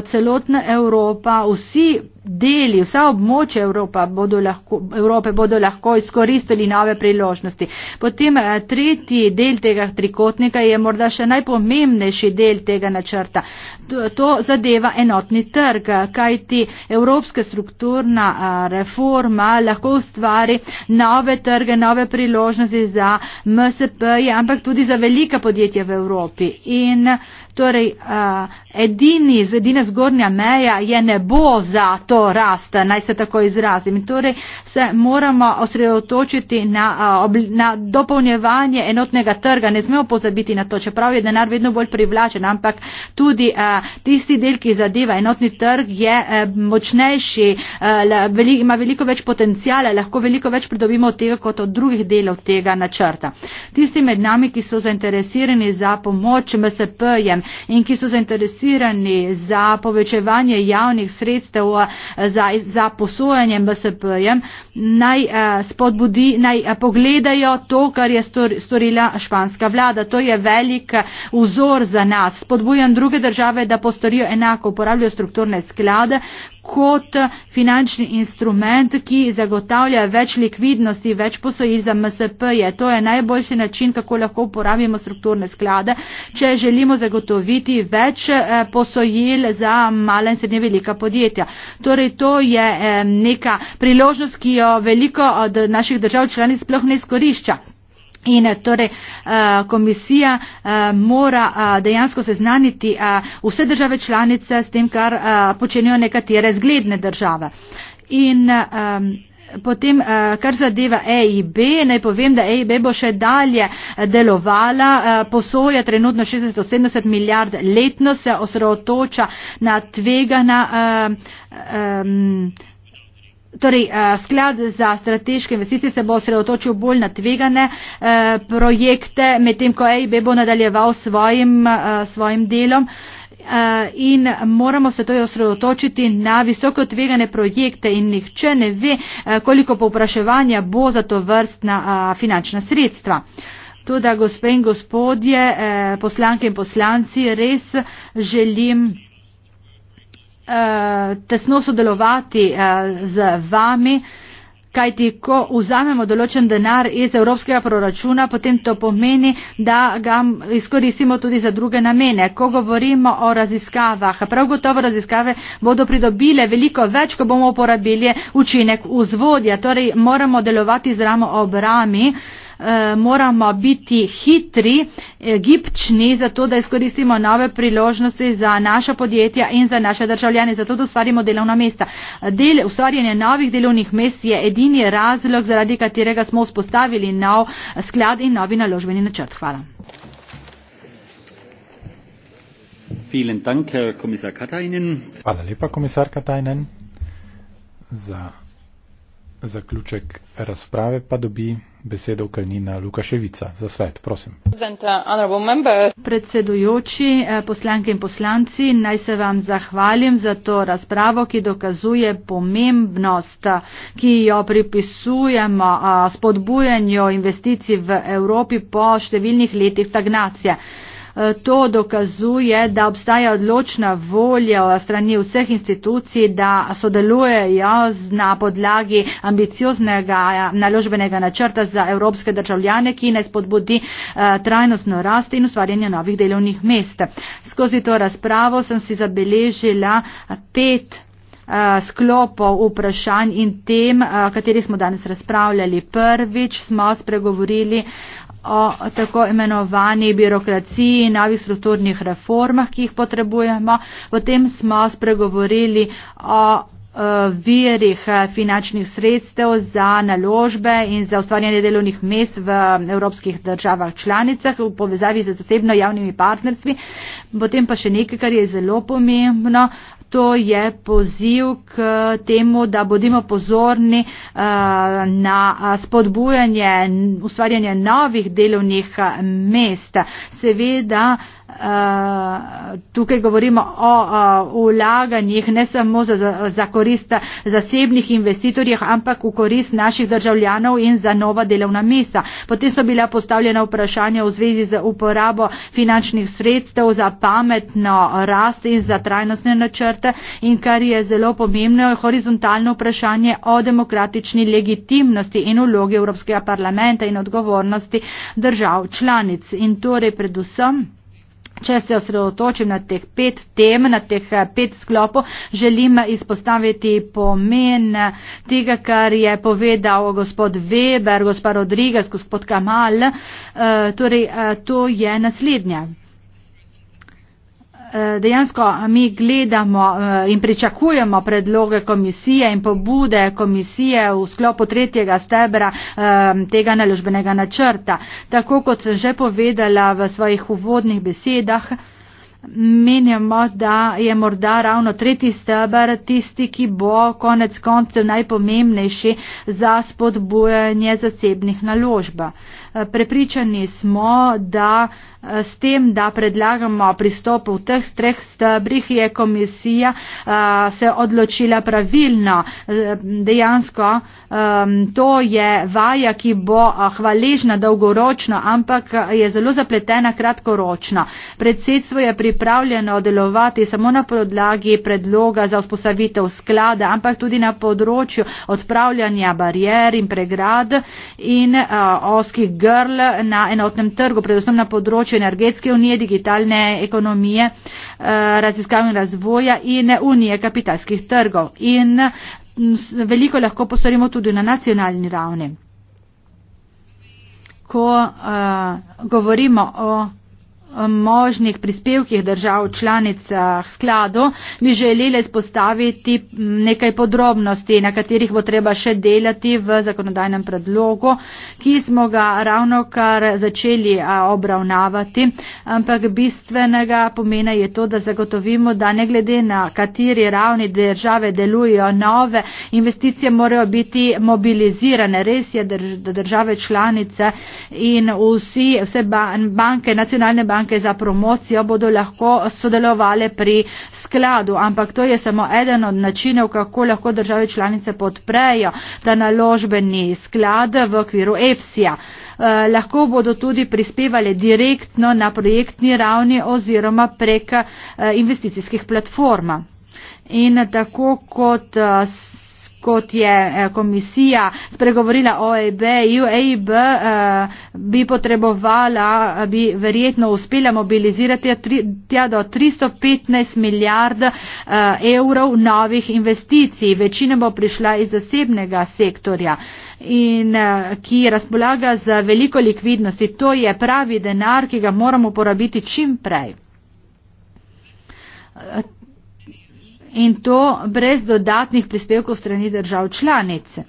celotna Evropa, vsi deli, vsa območja bodo lahko, Evrope bodo lahko izkoristili nove priložnosti. Potem eh, tretji del tega trikotnika je morda še najpomembnejši del tega načrta. To, to zadeva enotni trg, kajti Evropska strukturna eh, reforma lahko ustvari nove trge, nove priložnosti za MSP, ampak tudi za velika podjetja v Evropi. In Torej, uh, edini, edina zgornja meja je nebo za to rast, naj se tako izrazim. Torej, se moramo osredotočiti na, uh, na dopolnjevanje enotnega trga, ne smemo pozabiti na to, čeprav je denar vedno bolj privlačen, ampak tudi uh, tisti del, ki zadeva enotni trg, je uh, močnejši, uh, veli, ima veliko več potencijala, lahko veliko več pridobimo od tega kot od drugih delov tega načrta. Tisti med nami, ki so zainteresirani za pomoč MSP-jem, in ki so zainteresirani za povečevanje javnih sredstev eh, za, za posojanje MSP-jem, naj eh, spodbudi, naj eh, pogledajo to, kar je storila španska vlada. To je velik vzor za nas. Spodbujam druge države, da postorijo enako, uporabljajo strukturne sklade, kot finančni instrument, ki zagotavlja več likvidnosti, več posojil za MSP-je. To je najboljši način, kako lahko uporabimo strukturne sklade, če želimo zagotoviti več eh, posojil za male in srednje velika podjetja. Torej, to je eh, neka priložnost, ki jo veliko od naših držav članic sploh ne izkorišča. In eh, torej eh, komisija eh, mora dejansko seznaniti vse države članice s tem, kar počenjajo nekatere zgledne države. In ehm, potem, kar zadeva EIB, naj povem, da EIB bo še dalje delovala, posoja trenutno 670 milijard letno, se osredotoča na tvega na. Um, ehm, Torej, eh, sklad za strateške investicije se bo osredotočil bolj na tvegane eh, projekte, medtem ko EIB bo nadaljeval s svojim, eh, svojim delom. In moramo se torej osredotočiti na visoko tvegane projekte in nihče ne ve, koliko povpraševanja bo za to vrstna finančna sredstva. Tudi, gospe in gospodje, poslanke in poslanci, res želim. Eh, tesno sodelovati eh, z vami, kajti ko vzamemo določen denar iz evropskega proračuna, potem to pomeni, da ga izkoristimo tudi za druge namene. Ko govorimo o raziskavah, prav gotovo raziskave bodo pridobile veliko več, ko bomo uporabili učinek vzvodja, torej moramo delovati z ramo ob rami. Uh, Eh, moramo biti hitri, gibčni, zato da izkoristimo nove priložnosti za naša podjetja in za naše državljane, zato da ustvarimo delovna mesta. Del, ustvarjanje novih delovnih mest je edini razlog, zaradi katerega smo vzpostavili nov sklad in novi naložbeni načrt. Hvala. Hvala lepa, komisar Katajnen. Za zaključek razprave pa dobi besedo Kalnina Lukaševica za svet. Prosim. Predsedujoči, eh, poslanke in poslanci, naj se vam zahvalim za to razpravo, ki dokazuje pomembnost, ki jo pripisujemo eh, spodbujanju investicij v Evropi po številnih letih stagnacije. To dokazuje, da obstaja odločna volja strani vseh institucij, da sodelujejo na podlagi ambicioznega naložbenega načrta za evropske državljane, ki naj spodbudi eh, trajnostno rast in ustvarjanje novih delovnih mest. Skozi to razpravo sem si zabeležila pet eh, sklopov vprašanj in tem, eh, o katerih smo danes razpravljali. Prvič smo spregovorili o tako imenovani birokraciji in novih strukturnih reformah, ki jih potrebujemo. Potem smo spregovorili o e, virih e, finančnih sredstev za naložbe in za ustvarjanje delovnih mest v e, evropskih državah članicah v povezavi z zasebno javnimi partnerstvi. Potem pa še nekaj, kar je zelo pomembno, To je poziv k temu, da bodimo pozorni uh, na eh, spodbujanje, ustvarjanje novih delovnih eh, mest. Seveda, uh, Eh, tukaj govorimo o vlaganjih ne samo za, za korist zasebnih investitorjev, ampak v korist naših državljanov in za nova delovna mesta. Potem so bila postavljena vprašanja v zvezi z uporabo finančnih sredstev za pametno rast in za trajnostne načrte in kar je zelo pomembno, je horizontalno vprašanje o demokratični legitimnosti in vlogi Evropskega parlamenta in odgovornosti držav članic. In torej predvsem. Če se osredotočim na teh pet tem, na teh eh, pet sklopov, želim eh, izpostaviti pomen eh, tega, kar je povedal gospod Weber, gospod Rodriguez, gospod Kamal. Torej, to je naslednja. Eh, dejansko mi gledamo eh, in pričakujemo predloge komisije in pobude komisije v sklopu tretjega stebra eh, tega naložbenega načrta. Tako kot sem že povedala v svojih uvodnih besedah, menimo, da je morda ravno tretji stebr tisti, ki bo konec koncev najpomembnejši za spodbujanje zasebnih naložb. Prepričani smo, da eh, s tem, da predlagamo pristop v teh treh stebrih, je komisija eh, se odločila pravilno. Eh, dejansko to je vaja, ki bo hvaležna dolgoročno, ampak je zelo zapletena kratkoročno. Predsedstvo je pripravljeno delovati samo na podlagi predloga za vzposavitev sklada, ampak tudi na področju odpravljanja barijer in pregrad in oskih grad Girl na enotnem trgu, predvsem na področju energetske unije, digitalne ekonomije, eh, raziskav in razvoja in unije kapitalskih trgov. In mm, veliko lahko posorimo tudi na nacionalni ravni. Ko uh, govorimo o možnih prispevkih držav članic skladu bi želeli spostaviti nekaj podrobnosti, na katerih bo treba še delati v zakonodajnem predlogu, ki smo ga ravno kar začeli obravnavati, ampak bistvenega pomena je to, da zagotovimo, da ne glede na kateri ravni države delujejo nove, investicije morajo biti mobilizirane. Res je, da države članice in vsi, vse banke, nacionalne banke, banke za promocijo bodo lahko sodelovali pri skladu, ampak to je samo eden od načinov, kako lahko države članice podprejo ta naložbeni sklad v okviru EPSIA. Eh, lahko bodo tudi prispevali direktno na projektni ravni oziroma prek eh, investicijskih platform. In tako kot eh, kot je eh, komisija spregovorila OEB, UAB e eh, bi potrebovala, eh, bi verjetno uspela mobilizirati tja do 315 milijard evrov novih investicij. Večina bo prišla iz zasebnega sektorja in ki razpolaga z veliko likvidnosti. To je pravi denar, ki ga moramo porabiti čim prej in to brez dodatnih prispevkov strani držav članic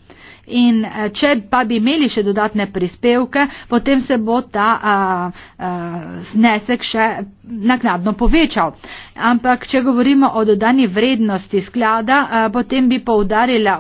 in eh, če pa bi imeli še dodatne prispevke, potem se bo ta a, a, znesek še naknadno povečal. Ampak, če govorimo o dodani vrednosti sklada, a, potem bi poudarila,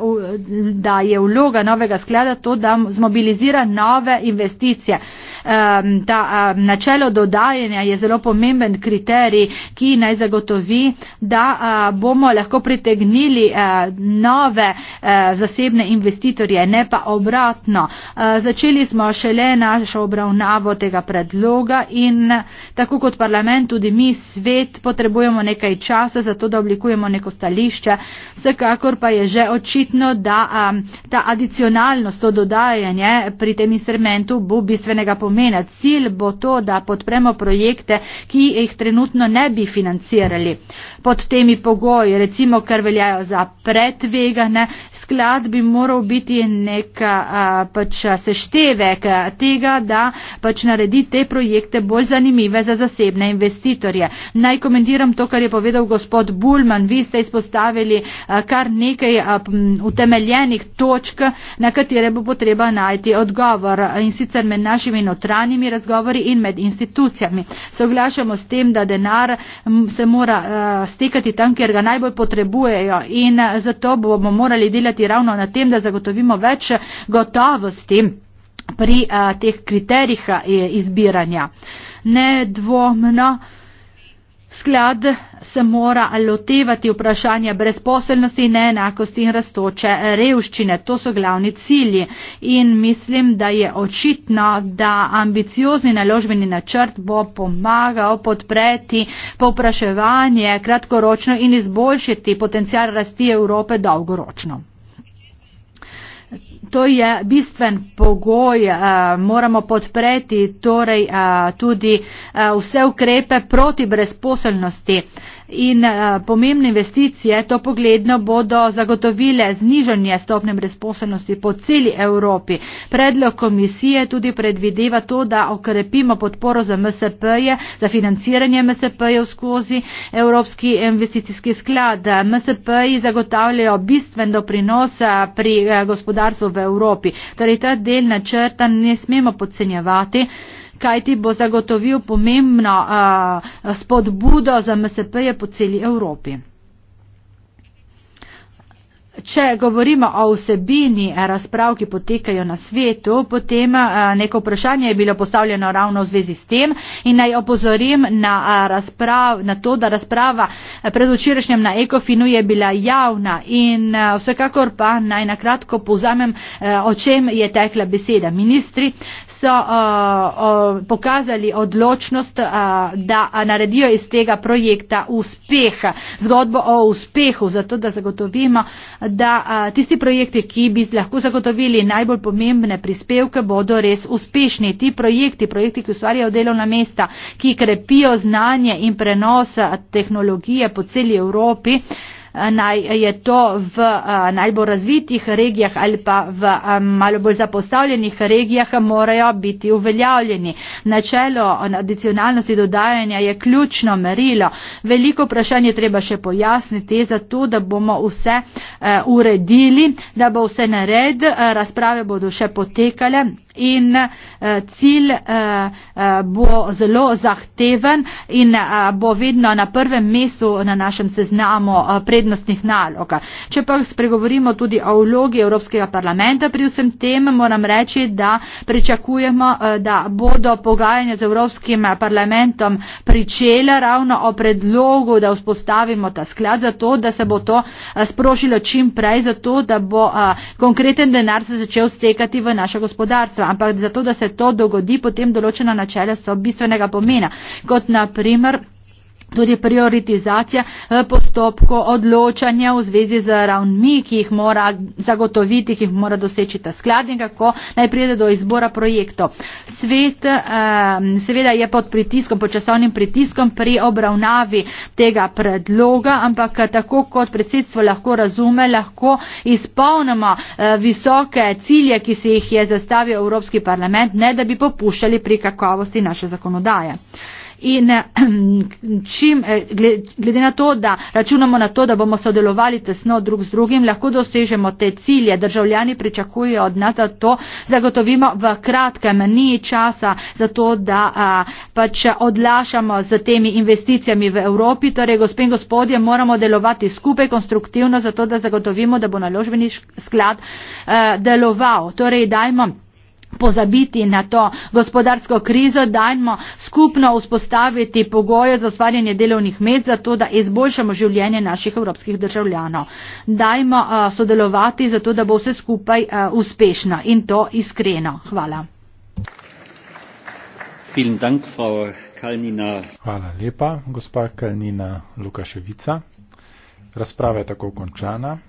da je vloga novega sklada to, da zmobilizira nove investicije. A, ta, a, načelo dodajanja je zelo pomemben kriterij, ki naj zagotovi, da a, bomo lahko pritegnili a, nove a, zasebne investitorje opozicije, ne pa obratno. Eh, začeli smo šele našo obravnavo tega predloga in tako kot parlament, tudi mi, svet, potrebujemo nekaj časa za to, da oblikujemo neko stališče. Vsekakor pa je že očitno, da eh, ta adicionalnost, to dodajanje pri tem instrumentu bo bistvenega pomena. Cilj bo to, da podpremo projekte, ki jih trenutno ne bi financirali pod temi pogoji, recimo, ker veljajo za pretvegane, skladbi moral biti nek a, pač seštevek tega, da pač naredi te projekte bolj zanimive za zasebne investitorje. Naj komentiram to, kar je povedal gospod Bulman. Vi ste izpostavili a, kar nekaj a, p, utemeljenih točk, na katere bo potreba najti odgovor in sicer med našimi notranjimi razgovori in med institucijami. Soglašamo s tem, da denar m, se mora a, stekati tam, kjer ga najbolj potrebujejo in a, zato bomo morali delati delati ravno na tem, da zagotovimo več gotovosti pri a, eh, teh kriterijih eh, izbiranja. Nedvomno sklad se mora lotevati vprašanja brezposelnosti, neenakosti in rastoče revščine. To so glavni cilji in mislim, da je očitno, da ambiciozni naložbeni načrt bo pomagal podpreti povpraševanje kratkoročno in izboljšati potencial rasti Evrope dolgoročno. To je bistven pogoj, eh, moramo podpreti torej eh, tudi eh, vse ukrepe proti brezposelnosti in eh, pomembne investicije to pogledno bodo zagotovile znižanje stopne brezposobnosti po celi Evropi. Predlog komisije tudi predvideva to, da okrepimo podporo za MSP-je, za financiranje MSP-jev skozi Evropski investicijski sklad. MSP-ji zagotavljajo bistven doprinos eh, pri eh, gospodarstvu v Evropi. Torej ta del načrta ne smemo podcenjevati kaj ti bo zagotovil pomembno uh, spodbudo za MSP-je po celi Evropi. Če govorimo o vsebini razprav, ki potekajo na svetu, potem neko vprašanje je bilo postavljeno ravno v zvezi s tem in naj opozorim na, razprav, na to, da razprava pred včerajšnjem na Ekofinu je bila javna in vsekakor pa naj nakratko povzamem, o čem je tekla beseda. Ministri so uh, uh, pokazali odločnost, uh, da naredijo iz tega projekta uspeh, zgodbo o uspehu, zato da zagotovimo, da uh, tisti projekti, ki bi lahko zagotovili najbolj pomembne prispevke, bodo res uspešni. Ti projekti, projekti, ki ustvarjajo delovna mesta, ki krepijo znanje in prenos uh, tehnologije po celi Evropi, uh, Eh, naj je to v eh, najbolj razvitih regijah ali pa v eh, malo bolj zapostavljenih regijah, morajo biti uveljavljeni. Načelo adicionalnosti dodajanja je ključno merilo. Veliko vprašanje treba še pojasniti, zato da bomo vse uredili, da bo vse nared, razprave bodo še potekale in eh, cilj eh, eh, bo zelo zahteven in bo vedno na prvem mestu na našem seznamu prednostnih nalog. Če pa spregovorimo tudi o vlogi Evropskega parlamenta pri vsem tem, moram reči, da pričakujemo, da bodo pogajanja z Evropskim parlamentom pričela ravno o predlogu, da vzpostavimo ta sklad za to, da se bo to sprošilo čim prej, zato da bo konkreten denar se začel stekati v naše gospodarstva ampak zato, da se to dogodi, potem določena načela so bistvenega pomena, kot naprimer Tudi prioritizacija eh, postopkov odločanja v zvezi z ravnmi, ki jih mora zagotoviti, ki jih mora doseči ta skladnik, ko naj pride do izbora projektov. Svet ehm, seveda je pod pritiskom, pod časovnim pritiskom pri obravnavi tega predloga, ampak eh, tako kot predsedstvo lahko razume, lahko izpolnimo eh, visoke cilje, ki si jih je zastavil Evropski parlament, ne da bi popuščali pri kakovosti naše zakonodaje in eh, čim, eh, glede na to, da računamo na to, da bomo sodelovali tesno drug z drugim, lahko dosežemo te cilje. Državljani pričakujejo od nas, da to zagotovimo v kratkem. Ni časa za to, da a, pač odlašamo z temi investicijami v Evropi. Torej, gospe in gospodje, moramo delovati skupaj konstruktivno, zato da zagotovimo, da bo naložbeni sklad a, eh, deloval. Torej, dajmo pozabiti na to gospodarsko krizo, dajmo skupno vzpostaviti pogoje za ustvarjanje delovnih mest, zato da izboljšamo življenje naših evropskih državljanov. Dajmo uh, sodelovati, zato da bo vse skupaj uh, uspešno in to iskreno. Hvala. Dank, Hvala lepa, gospa Kalnina Lukaševica. Razprava je tako končana.